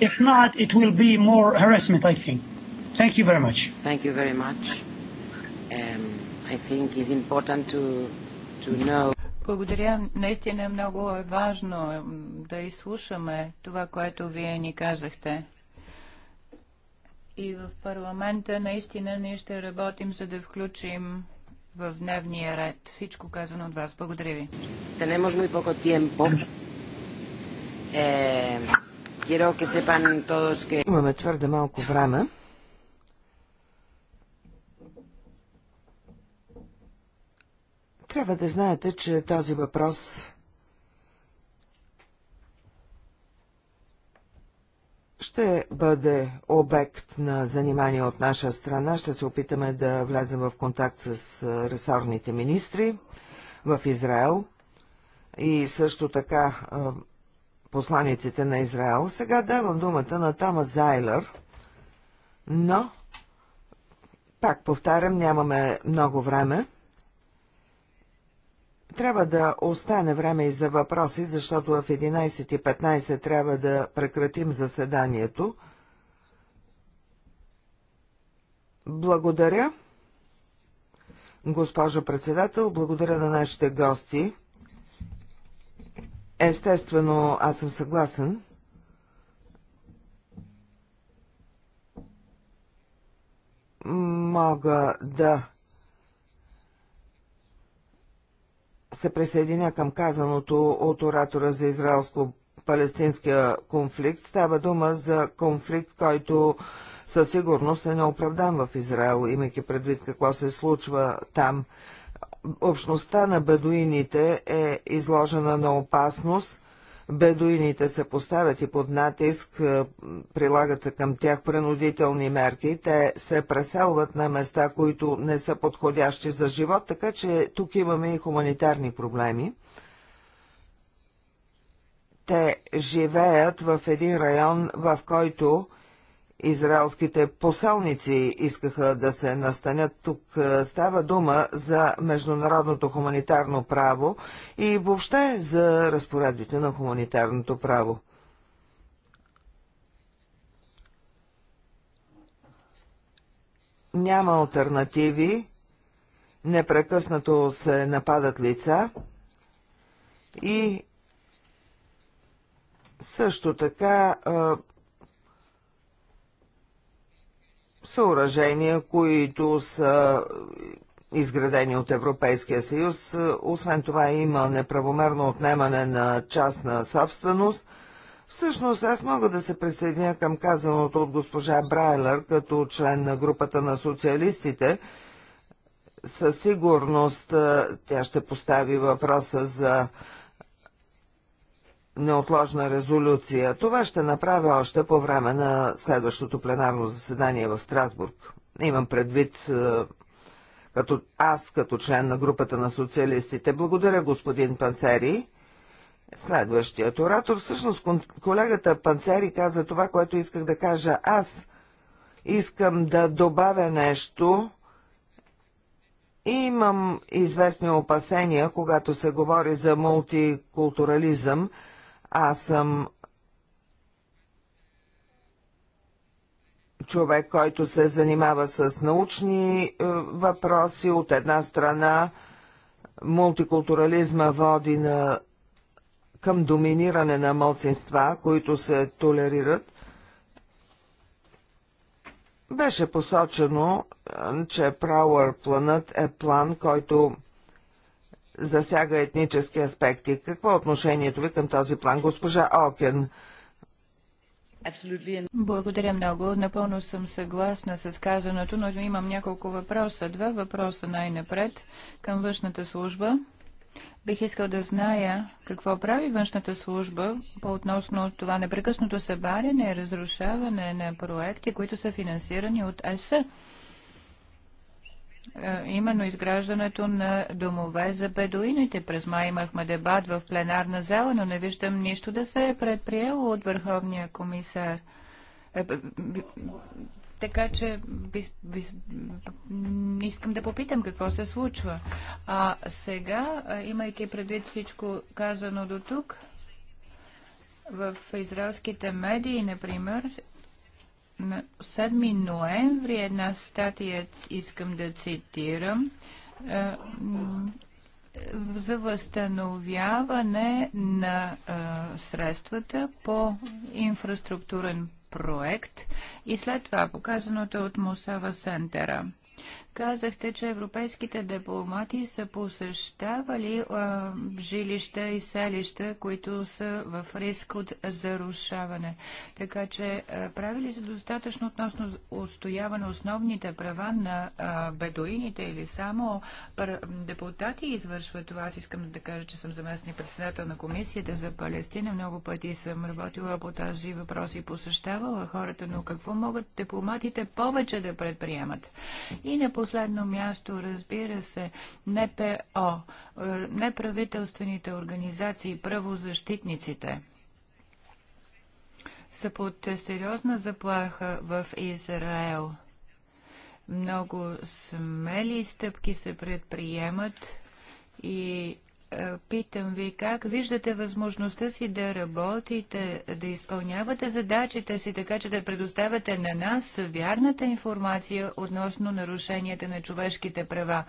If not, it will be more harassment, I think. Thank you very much. Thank you very much. Um, I think it's important to, to know. Благодаря. Наистина много е важно да изслушаме това, което вие ни казахте. И в парламента наистина ние ще работим, за да включим в дневния ред всичко казано от вас. Благодаря ви. Tenemos muy poco tiempo. Eh, quiero que sepan todos que... Имаме твърде малко време. Трябва да знаете, че този въпрос ще бъде обект на занимание от наша страна. Ще се опитаме да влезем в контакт с ресорните министри в Израел и също така посланиците на Израел. Сега давам думата на Тома Зайлер, но, пак повтарям, нямаме много време. Трябва да остане време и за въпроси, защото в 11.15 трябва да прекратим заседанието. Благодаря. Госпожо председател, благодаря на нашите гости. Естествено, аз съм съгласен. Мога да се присъединя към казаното от оратора за израелско-палестинския конфликт. Става дума за конфликт, който със сигурност е неоправдан в Израел, имайки предвид какво се случва там. Общността на бедуините е изложена на опасност бедуините се поставят и под натиск, е, прилагат се към тях принудителни мерки, те се преселват на места, които не са подходящи за живот, така че тук имаме и хуманитарни проблеми. Те живеят в един район, в който израелските посалници искаха да се настанят. Тук е, става дума за международното хуманитарно право и въобще за разпоредбите на хуманитарното право. Няма альтернативи, непрекъснато се нападат лица и също така е, съоръжения, които са изградени от Европейския съюз. Освен това има неправомерно отнемане на частна собственост. Всъщност аз мога да се присъединя към казаното от госпожа Брайлер като член на групата на социалистите. Със сигурност тя ще постави въпроса за неотложна резолюция. Това ще направя още по време на следващото пленарно заседание в Страсбург. Имам предвид е, като аз, като член на групата на социалистите. Благодаря, господин Панцери. Следващият оратор, всъщност колегата Панцери каза това, което исках да кажа аз. Искам да добавя нещо. и Имам известни опасения, когато се говори за мултикултурализъм. Аз съм човек, който се занимава с научни е, въпроси. От една страна мултикултурализма води на, към доминиране на мълцинства, които се толерират. Беше посочено, е, че Прауър планът е план, който засяга етнически аспекти. Какво е отношението ви към този план, госпожа Окен? Благодаря много. Напълно съм съгласна с казаното, но имам няколко въпроса. Два въпроса най-напред към външната служба. Бих искал да зная какво прави външната служба по относно това непрекъснато събаряне и разрушаване на проекти, които са финансирани от ЕС. Е, именно изграждането на домове за бедуините. През май имахме дебат в пленарна зала, но не виждам нищо да се е предприело от Върховния комисар. Е, така че бис, бис, искам да попитам какво се случва. А сега, е, имайки предвид всичко казано до тук, в израелските медии, например, на 7 ноември една статия искам да цитирам е, за възстановяване на е, средствата по инфраструктурен проект и след това показаното от Мусава Сентера. Казахте, че европейските дипломати са посещавали а, жилища и селища, които са в риск от зарушаване. Така че а, правили се достатъчно относно отстояване основните права на а, бедуините или само депутати извършват това. Аз искам да кажа, че съм заместник председател на комисията за Палестина. Много пъти съм работила по тази въпрос и посещавала хората, но какво могат дипломатите повече да предприемат? И на последно място, разбира се, НПО, е, неправителствените организации, правозащитниците са под сериозна заплаха в Израел. Много смели стъпки се предприемат и е, питам ви как виждате възможността си да работите, да изпълнявате задачите си, така че да предоставяте на нас вярната информация относно нарушенията на човешките права,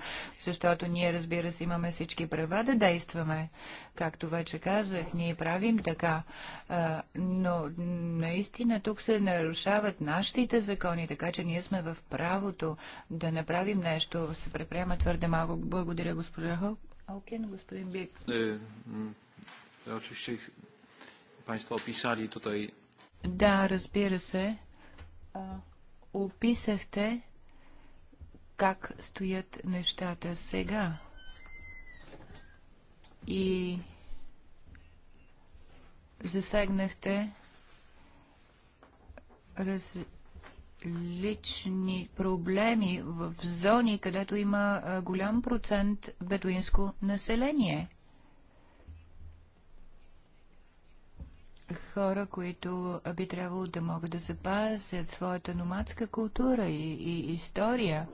защото ние, разбира се, имаме всички права да действаме. Както вече казах, ние правим така, е, но наистина тук се нарушават нашите закони, така че ние сме в правото да направим нещо. Се предприема твърде малко. Благодаря, госпожа Oken, господин Bieg. E, oczywiście Państwo opisali tutaj... Да, разбира се. Описахте как стоят нещата сега. И засегнахте раз, лични проблеми в зони, където има голям процент бедуинско население. Хора, които би трябвало да могат да запазят своята номадска култура и, и история.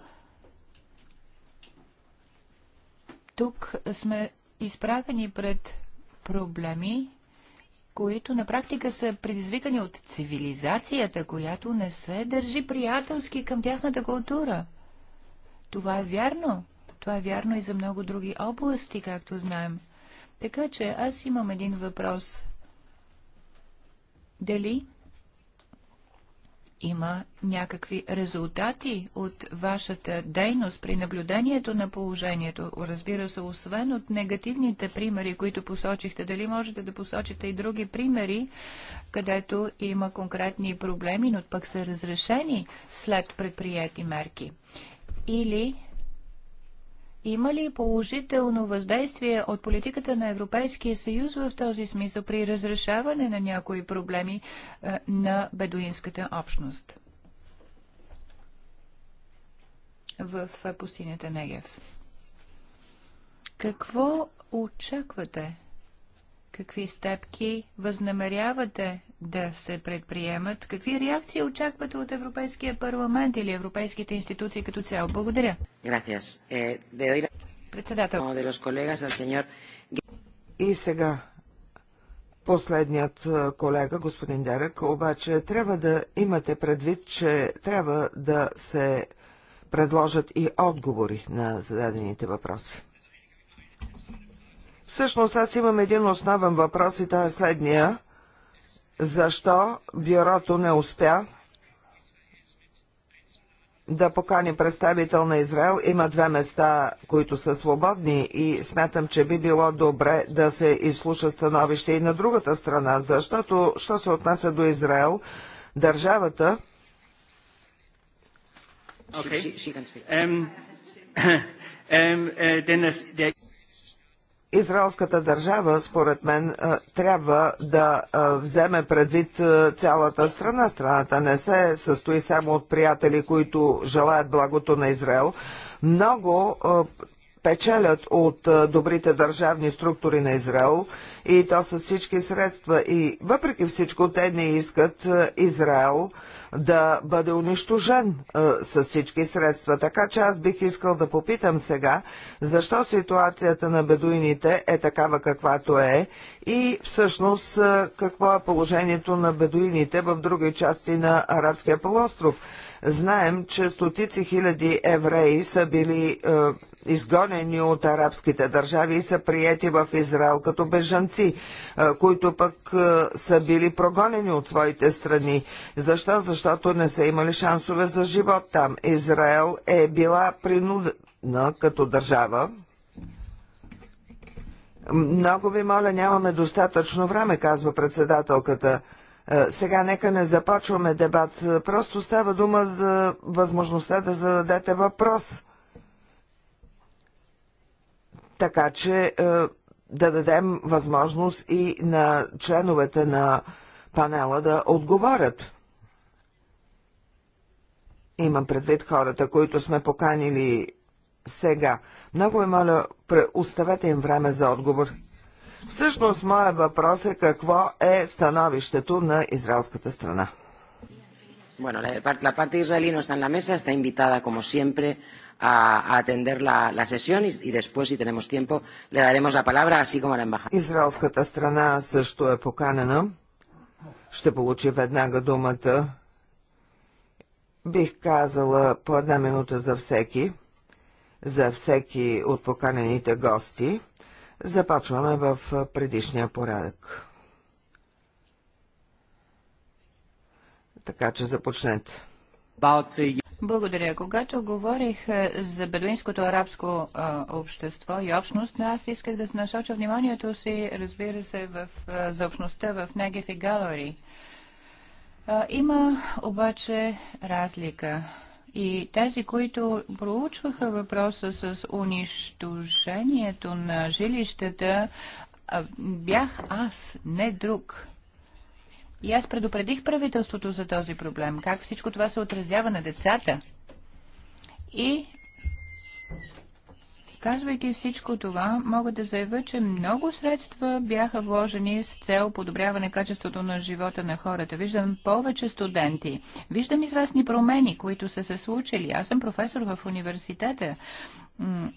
Тук сме изправени пред проблеми, които на практика са предизвикани от цивилизацията, която не се държи приятелски към тяхната култура. Това е вярно. Това е вярно и за много други области, както знаем. Така че аз имам един въпрос. Дали има някакви резултати от вашата дейност при наблюдението на положението? Разбира се, освен от негативните примери, които посочихте, дали можете да посочите и други примери, където има конкретни проблеми, но пък са разрешени след предприяти мерки? Или има ли положително въздействие от политиката на Европейския съюз в този смисъл при разрешаване на някои проблеми е, на бедуинската общност в е, пустинята Негев? Какво очаквате? Какви стъпки възнамерявате да се предприемат? Какви реакции очаквате от Европейския парламент или европейските институции като цяло? Благодаря. Eh, Председател. И сега последният е, колега, господин Дерек, обаче трябва да имате предвид, че трябва да се предложат и отговори на зададените въпроси. Всъщност аз имам един основен въпрос и той е следния защо бюрото не успя да покани представител на Израел. Има две места, които са свободни и смятам, че би било добре да се изслуша становище и на другата страна, защото, що се отнася до Израел, държавата Okay. Um, um, uh, Израелската държава, според мен, е, трябва да е, вземе предвид е, цялата страна. Страната не се състои само от приятели, които желаят благото на Израел. Много печелят от добрите държавни структури на Израел и то с всички средства. И въпреки всичко те не искат Израел да бъде унищожен с всички средства. Така че аз бих искал да попитам сега, защо ситуацията на бедуините е такава каквато е и всъщност какво е положението на бедуините в други части на Арабския полуостров. Знаем, че стотици хиляди евреи са били изгонени от арабските държави и са прияти в Израел като бежанци, които пък са били прогонени от своите страни. Защо? Защото не са имали шансове за живот там. Израел е била принудена като държава много ви моля, нямаме достатъчно време, казва председателката. Сега нека не започваме дебат. Просто става дума за възможността да зададете въпрос така че е, да дадем възможност и на членовете на панела да отговарят. Имам предвид хората, които сме поканили сега. Много ви моля, оставете им време за отговор. Всъщност, моят въпрос е какво е становището на израелската страна. Bueno, la, la parte israelí no está en la mesa, está invitada como siempre a, a atender la, la sesión y, y después, si tenemos tiempo, le daremos la palabra, así como a la embajada. Израелската страна също е поканена. Ще получи веднага думата. Бих казала по една минута за всеки, за всеки от поканените гости. Започваме в предишния порядък. Така че започнете. Благодаря. Когато говорих е, за бедуинското арабско а, общество и общност, аз исках да се насоча вниманието си, разбира се, в, а, за общността в Негев и Галори. А, има обаче разлика. И тези, които проучваха въпроса с унищожението на жилищата, бях аз, не друг. И аз предупредих правителството за този проблем, как всичко това се отразява на децата. И Казвайки всичко това, мога да заявя, че много средства бяха вложени с цел подобряване качеството на живота на хората. Виждам повече студенти. Виждам известни промени, които са се случили. Аз съм професор в университета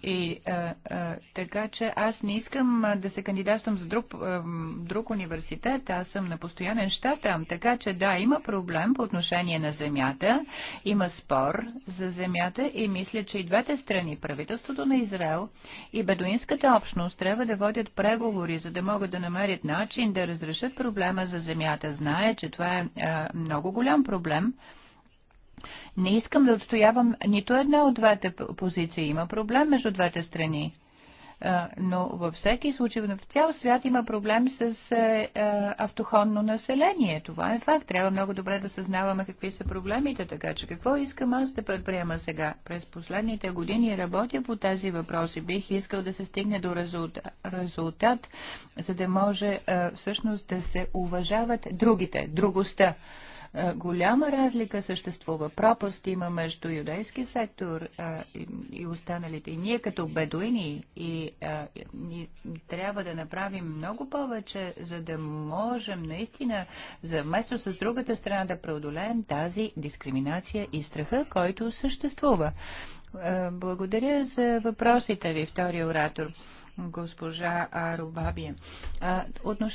и а, а, така, че аз не искам да се кандидатствам за друг, а, друг университет, аз съм на постоянен щат там. Така че да, има проблем по отношение на земята, има спор за земята и мисля, че и двете страни, правителството на Израел и бедуинската общност трябва да водят преговори, за да могат да намерят начин да разрешат проблема за земята. Знае, че това е а, много голям проблем. Не искам да отстоявам нито една от двете позиции. Има проблем между двете страни но във всеки случай в цял свят има проблем с е, е, автохонно население. Това е факт. Трябва много добре да съзнаваме какви са проблемите, така че какво искам аз да предприема сега? През последните години работя по тези въпроси. Бих искал да се стигне до резултат, за да може е, всъщност да се уважават другите, другостта. Е, голяма разлика съществува. Пропаст има между юдейски сектор а, е, и, и останалите. И ние като бедуини и, а, е, и трябва да направим много повече, за да можем наистина заместо с другата страна да преодолеем тази дискриминация и страха, който съществува. Благодаря за въпросите ви, втори оратор госпожа Рубабия.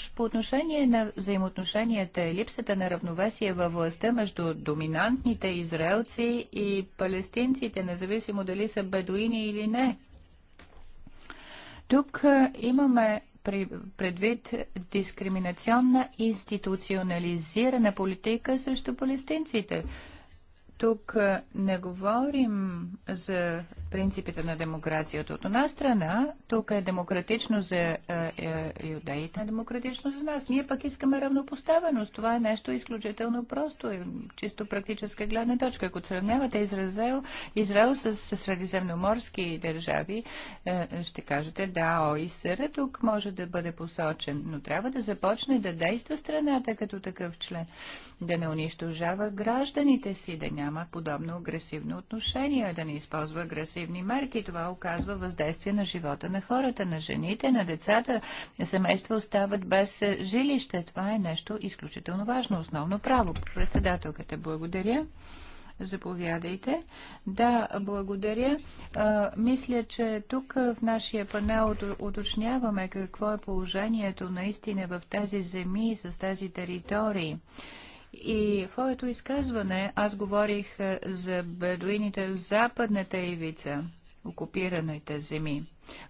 По отношение на взаимоотношенията и липсата на равновесие във властта между доминантните израелци и палестинците, независимо дали са бедуини или не, тук имаме предвид дискриминационна институционализирана политика срещу палестинците. Тук не говорим за принципите на демокрацията. От една страна, тук е демократично за е, е, юдеите, демократично за нас. Ние пък искаме равнопоставеност. Това е нещо изключително просто, и чисто практическа гледна точка. Ако сравнявате Израел, Израел с, с средиземноморски държави, е, ще кажете, да, ОИСР тук може да бъде посочен, но трябва да започне да действа страната като такъв член, да не унищожава гражданите си, да няма подобно агресивно отношение, да не използва агресивно репресивни мерки. Това оказва въздействие на живота на хората, на жените, на децата. Семейства остават без жилище. Това е нещо изключително важно, основно право. Председателката, благодаря. Заповядайте. Да, благодаря. А, мисля, че тук в нашия панел уточняваме какво е положението наистина в тези земи с тези територии. И в моето изказване аз говорих е, за бедуините в западната ивица, окупираните земи.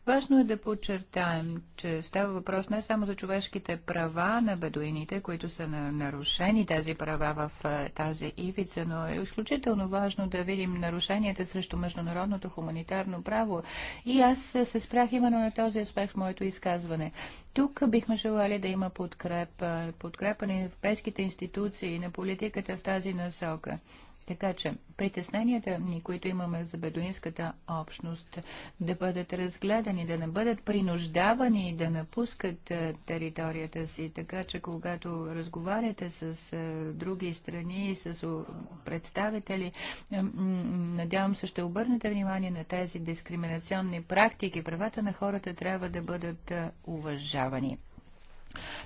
Важно е да подчертаем, че става въпрос не само за човешките права на бедуините, които са нарушени тези права в е, тази ивица, но е изключително важно да видим нарушенията срещу международното хуманитарно право. И аз се спрях именно на този аспект в моето изказване. Тук бихме желали да има подкрепа, подкрепа на европейските институции и на политиката в тази насока. Така че притесненията ни, които имаме за бедуинската общност, да бъдат разгледани, да не бъдат принуждавани да напускат е, територията си. Така че когато разговаряте с е, други страни и с представители, надявам се ще обърнете внимание на тези дискриминационни практики. Правата на хората трябва да бъдат е, уважавани.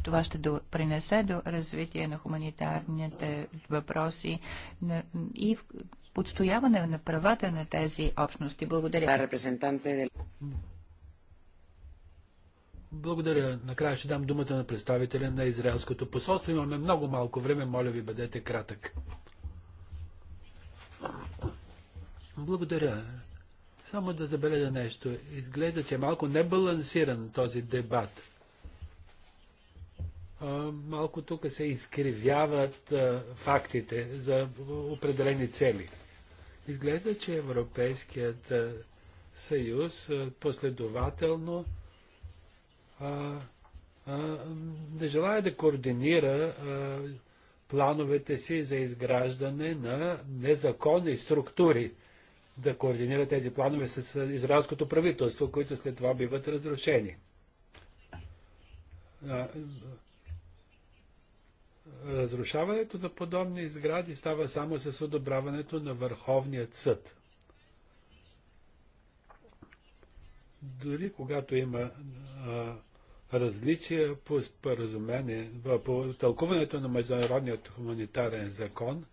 Това ще принесе до развитие на хуманитарните въпроси и подстояване на правата на тези общности. Благодаря. Благодаря. Накрая ще дам думата на представителя на Израелското посолство. Имаме много малко време. Моля ви, бъдете кратък. Благодаря. Само да забележа нещо. Изглежда, че е малко небалансиран този дебат малко тук се изкривяват фактите за определени цели. Изглежда, че Европейският съюз последователно а, а, не желая да координира а, плановете си за изграждане на незаконни структури, да координира тези планове с израелското правителство, които след това биват разрушени разрушаването на подобни сгради става само с одобряването на Върховният съд. Дори когато има а, различия по споразумение, по тълкуването на международният хуманитарен закон,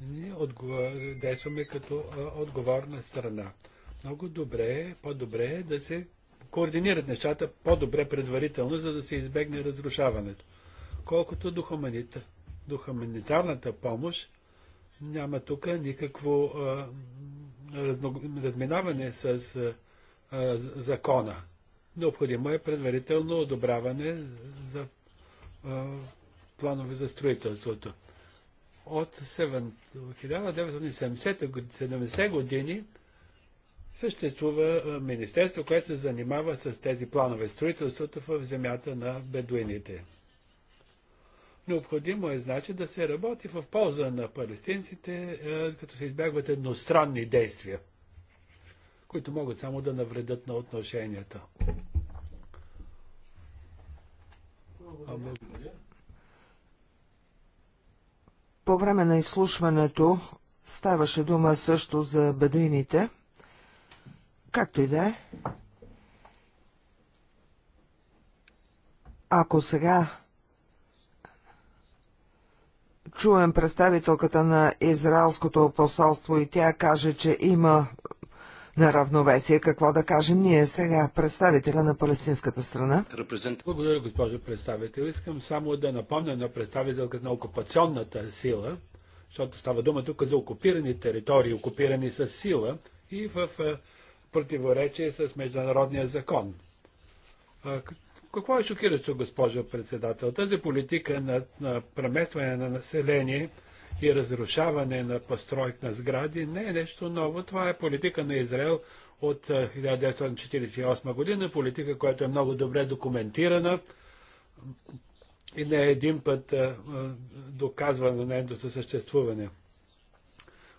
ние отговор, действаме като а, отговорна страна. Много добре, е, по-добре е да се координират нещата по-добре предварително, за да се избегне разрушаването колкото до, помощ, няма тук никакво а, разминаване с а, закона. Необходимо е предварително одобряване за а, планове за строителството. От 1970 години съществува министерство, което се занимава с тези планове строителството в земята на бедуините. Необходимо е, значи, да се работи в полза на палестинците, е, като се избягват едностранни действия, които могат само да навредят на отношенията. Благодаря. По време на изслушването ставаше дума също за бедуините. Както и да е. Ако сега чуем представителката на Израелското посолство и тя каже, че има неравновесие. Какво да кажем ние сега, представителя на палестинската страна? Благодаря, госпожо представител. Искам само да напомня на представителката на окупационната сила, защото става дума тук за окупирани територии, окупирани с сила и в е, противоречие с международния закон. Какво е шокиращо, госпожо председател? Тази политика на, на преместване на население и разрушаване на постройка на сгради не е нещо ново. Това е политика на Израел от 1948 година, политика, която е много добре документирана и не е един път доказвана нейното съществуване.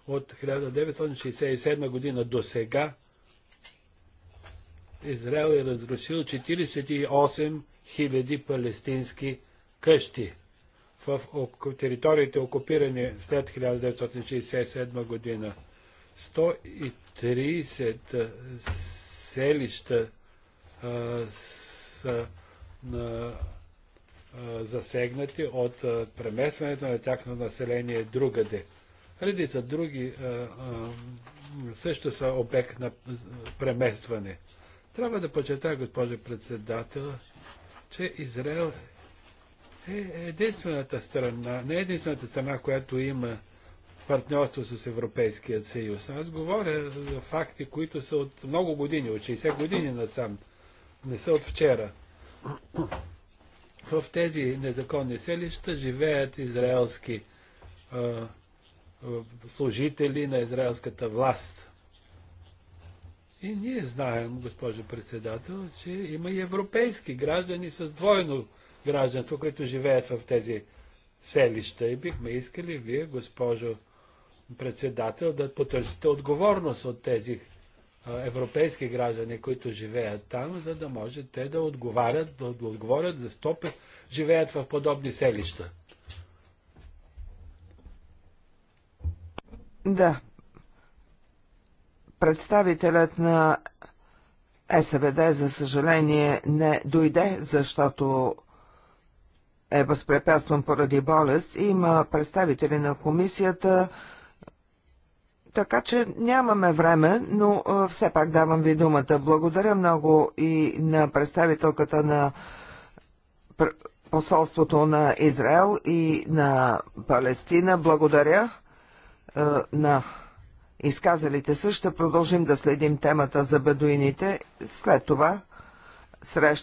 От 1967 година до сега Израел е разрушил 48 000 палестински къщи в териториите окупирани след 1967 година. 130 селища а, са а, засегнати от а, преместването на тяхното население другаде. Редица други а, а, също са обект на преместване. Трябва да почета, госпожо председател, че Израел е единствената страна, не е единствената страна, която има партньорство с Европейския съюз. Аз говоря за факти, които са от много години, от 60 години насам, не са от вчера. В тези незаконни селища живеят израелски а, служители на израелската власт. И ние знаем, госпожо председател, че има и европейски граждани с двойно гражданство, които живеят в тези селища. И бихме искали вие, госпожо председател, да потърсите отговорност от тези европейски граждани, които живеят там, за да може те да отговарят, да отговорят за стопят, живеят в подобни селища. Да, Представителят на СВД, за съжаление, не дойде, защото е възпрепятстван поради болест. Има представители на комисията, така че нямаме време, но все пак давам ви думата. Благодаря много и на представителката на посолството на Израел и на Палестина. Благодаря на изказалите се ще продължим да следим темата за бедуините. След това среща